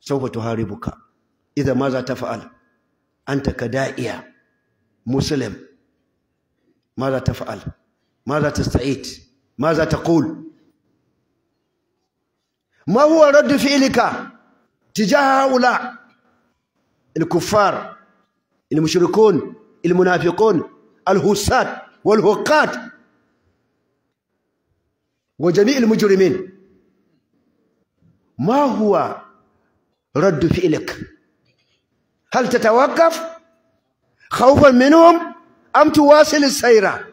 سوف تهاربك إذا ماذا تفعل أنت كدائية مسلم ماذا تفعل ماذا تستعيد ماذا تقول ما هو رد فعلك تجاه هؤلاء الكفار المشركون المنافقون الهسات والهقات وجميع المجرمين ما هو رد فعلك هل تتوقف خوفا منهم أم تواصل السيرة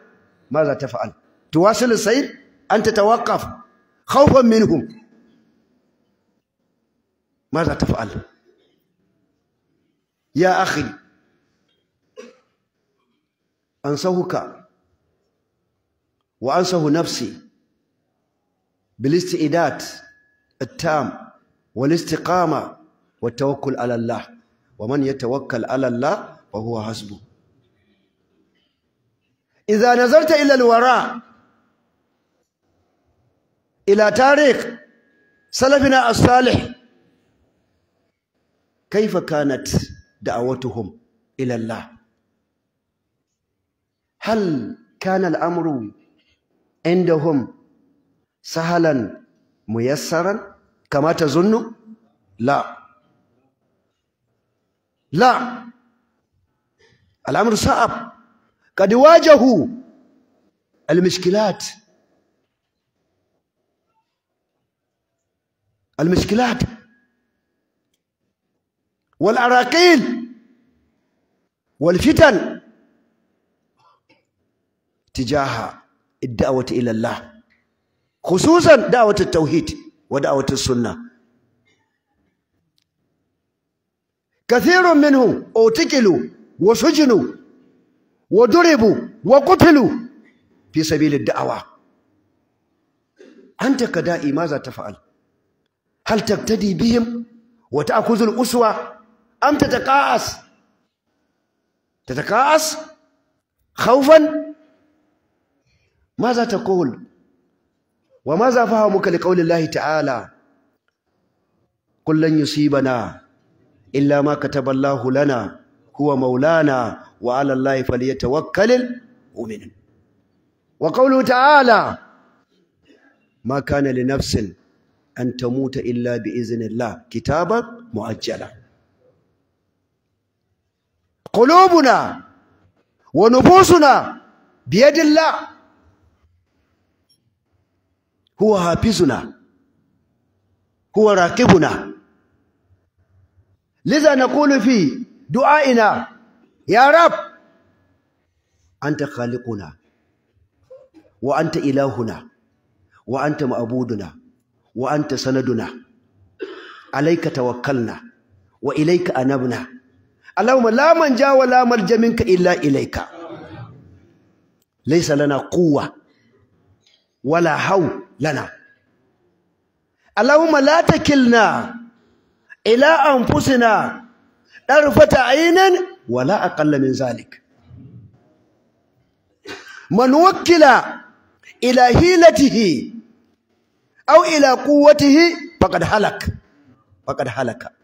ماذا تفعل تواصل السير أن تتوقف خوفا منهم ماذا تفعل يا أخي أنصهك وأنصه نفسي بالاستئداد التام والاستقامة والتوكل على الله ومن يتوكل على الله فهو حسبه إذا نظرت إلى الوراء إلى تاريخ سلفنا الصالح كيف كانت دعوتهم إلى الله هل كان الأمر عندهم سهلا ميسرا كما تظن لا لا الأمر صعب قد واجهوا المشكلات المشكلات والأراقيل والفتن تجاه الدعوة إلى الله خصوصا دعوة التوحيد ودعوة السنة كثير منهم أوتكلوا وسجنوا wa duribu wa qutilu fi sabilid da'awa anta kada'i ma za ta fa'al hal tabtadi bihim wa ta'khudhu al-uswa am tataqa'as tataqa'as khawfan ma za taqul wa ma za fahamuka liqawli Allah ta'ala kullan illa ma lana maulana وعلى الله فليتوكل المؤمن وقوله تعالى ما كان لنفس أن تموت إلا بإذن الله كتابا مؤجلا قلوبنا ونفوسنا بيد الله هو حافظنا هو راقبنا لذا نقول في دعائنا ya rab anta khaliquna wa anta ilahuna wa anta ma'buduna wa anta sanaduna alayka tawakkalna wa ilayka anabna allahumma la manja wa la malja minka illa ilayka laysa lana quwwa wala haw lana allahumma la takilna ila anfusina darfata aynan wala aqalla min zalik man wakkila ila hilatihi aw ila quwwatihi faqad halak faqad na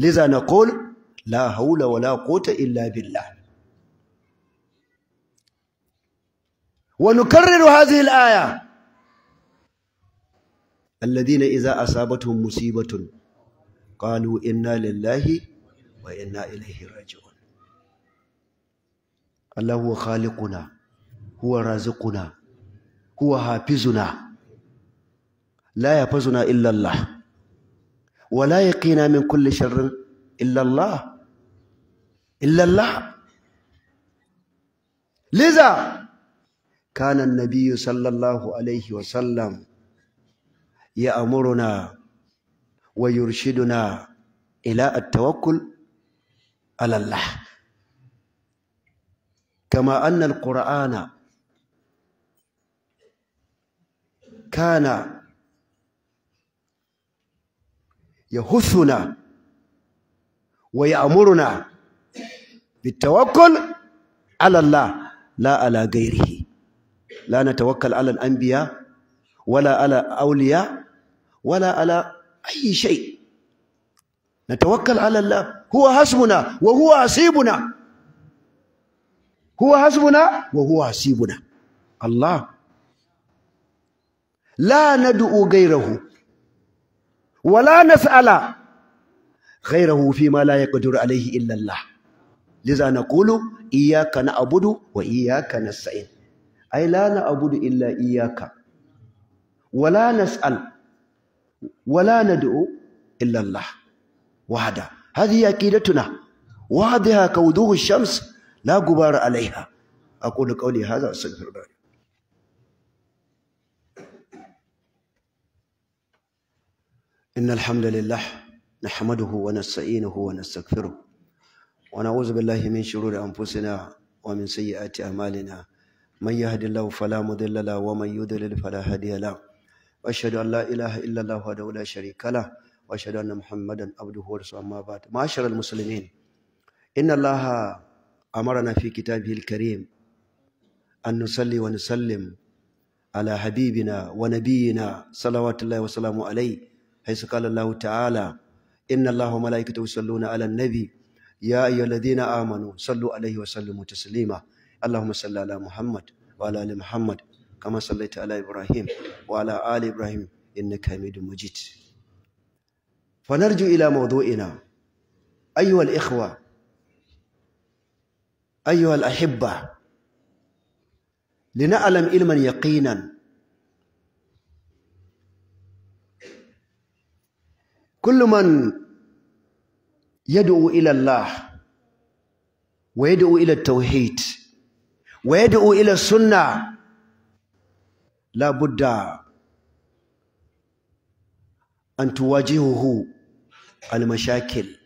liza naqul la haula wala quwwata illa billah ونكرر هذه الآية الذين إذا أصابتهم مصيبة قالوا إنا لله wa inna ilaihi raji'un Allah huwa na, huwa raziquna huwa hafizuna la yafazuna illa Allah wa la yaqina min kulle sharrin illa Allah illa Allah liza كان النبي صلى الله عليه وسلم يأمرنا ويرشدنا إلى التوكل على الله كما أن القرآن كان يهثنا ويأمرنا بالتوكل على الله لا على غيره لا نتوكل على الأنبياء ولا على أولياء ولا على أي شيء natawakkal ala Allah huwa hasbuna wa huwa hasibuna huwa hasbuna wa huwa hasibuna Allah la nad'u ghayrahu wa la nas'ala ghayrahu fima la yaqdiru alayhi illa Allah liza naqulu iyyaka na'budu wa iyyaka nasta'in ay la na'budu illa iyyaka wa la وحده هذه عقيدتنا وحدها كوضوح الشمس لا غبار عليها أقول قولي هذا أستغفر الله إن الحمد لله نحمده ونستعينه ونستغفره ونعوذ بالله من شرور أنفسنا ومن سيئات أعمالنا من يهد الله فلا مضل له ومن يضلل فلا هادي له وأشهد أن لا إله إلا الله وحده لا شريك له واشهد ان محمدا عبده ورسوله اما بعد معاشر المسلمين ان الله امرنا في كتابه الكريم ان نصلي ونسلم على حبيبنا ونبينا صلوات الله وسلامه عليه حيث قال الله تعالى ان الله وملائكته يصلون على النبي يا ايها الذين امنوا صلوا عليه وسلموا تسليما اللهم صل على محمد وعلى ال محمد كما صليت على ابراهيم وعلى ال ابراهيم انك حميد مجيد فنرجع إلى موضوعنا أيها الإخوة أيها الأحبة لنعلم علما يقينا كل من يدعو إلى الله ويدعو إلى التوحيد ويدعو إلى السنة لا بد أن تواجهه المشاكل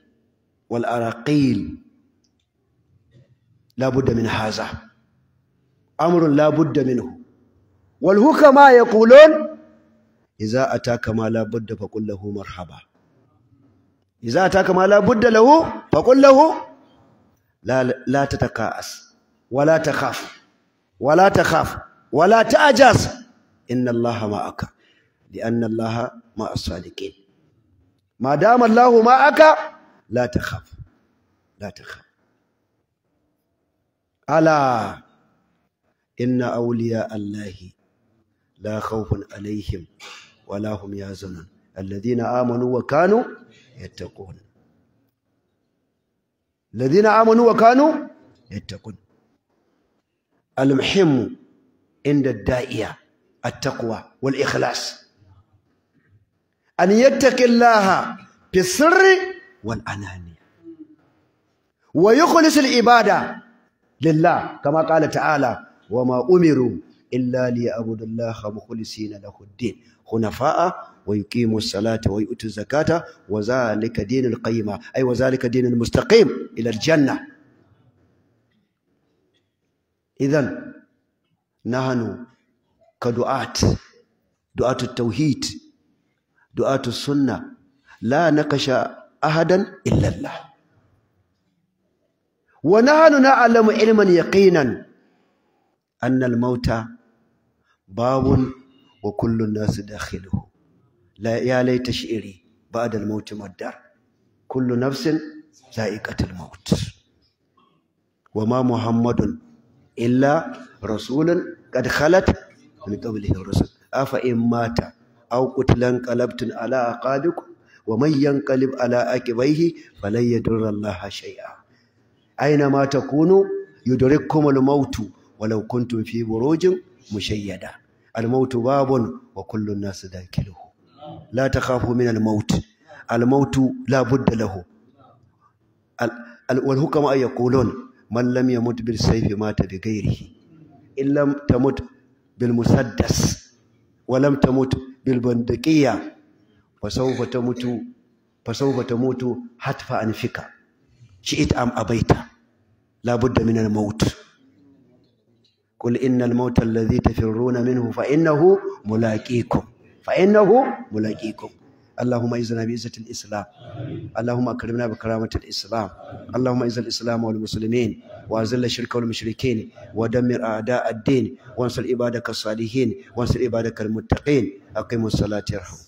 والأراقيل لا بد من هذا أمر لا بد منه والهكما يقولون إذا أتاك ما لا بد فقل له مرحبا إذا أتاك ما لا بد له فقل له لا لا تتكأس ولا تخاف ولا تخاف ولا تعجز إن الله معك لأن الله مع الصادقين ma dama Allahu ma'aka la takhaf la takhaf ala inna awliya Allahi la khawfun alaihim wala hum yazanun alladhina amanu wa kanu yattaqun alladhina amanu wa kanu yattaqun al-muhimmu inda da'iya a takwa wal ikhlas أن يتقي الله في السر والأنانية ويخلص العبادة لله كما قال تعالى وما أمروا إلا ليعبدوا الله مخلصين له الدين خنفاء ويقيموا الصلاة ويؤتوا الزكاة وذلك دين القيمة أي وذلك دين المستقيم إلى الجنة إذا نحن كدعاة دعاة التوحيد du'atu sunna la nakasha ahadan illallah. Wani wa nahnu na'lamu ilman yaqinan anna al-mauta babun wa kullu an-nas dakhiluhu la ya laita shi'ri ba'da al-maut maddar kullu nafsin za'iqatul maut wa ma muhammadun illa rasulun qad khalat min qablihi rusul afa in mata aw qutilan qalabtun ala aqabikum wa man yanqalib ala aqibaihi falan yadurra Allah shay'a aina ma takunu yudrikkum al-maut walau kuntum fi burujin mushayyada al-maut babun wa kullu an-nas dakiluhu la takhafu min al-maut al-maut la budda lahu wal hukama yaqulun man lam yamut bil sayfi mata bi ghairihi in lam tamut bil musaddas walam tamut bil bandaqiyya fasawfa tamutu fasawfa tamutu hatfa anfika shi'it am abaita la budda min al maut قل إن الموت الذي تفرون منه فإنه ملاقيكم فإنه ملاقيكم اللهم اعزنا بعزة الإسلام اللهم أكرمنا بكرامة الإسلام اللهم اعز الإسلام والمسلمين وأذل الشرك والمشركين ودمر أعداء الدين وانصر عبادك الصالحين وانصر عبادك المتقين أقيموا الصلاة يرحمكم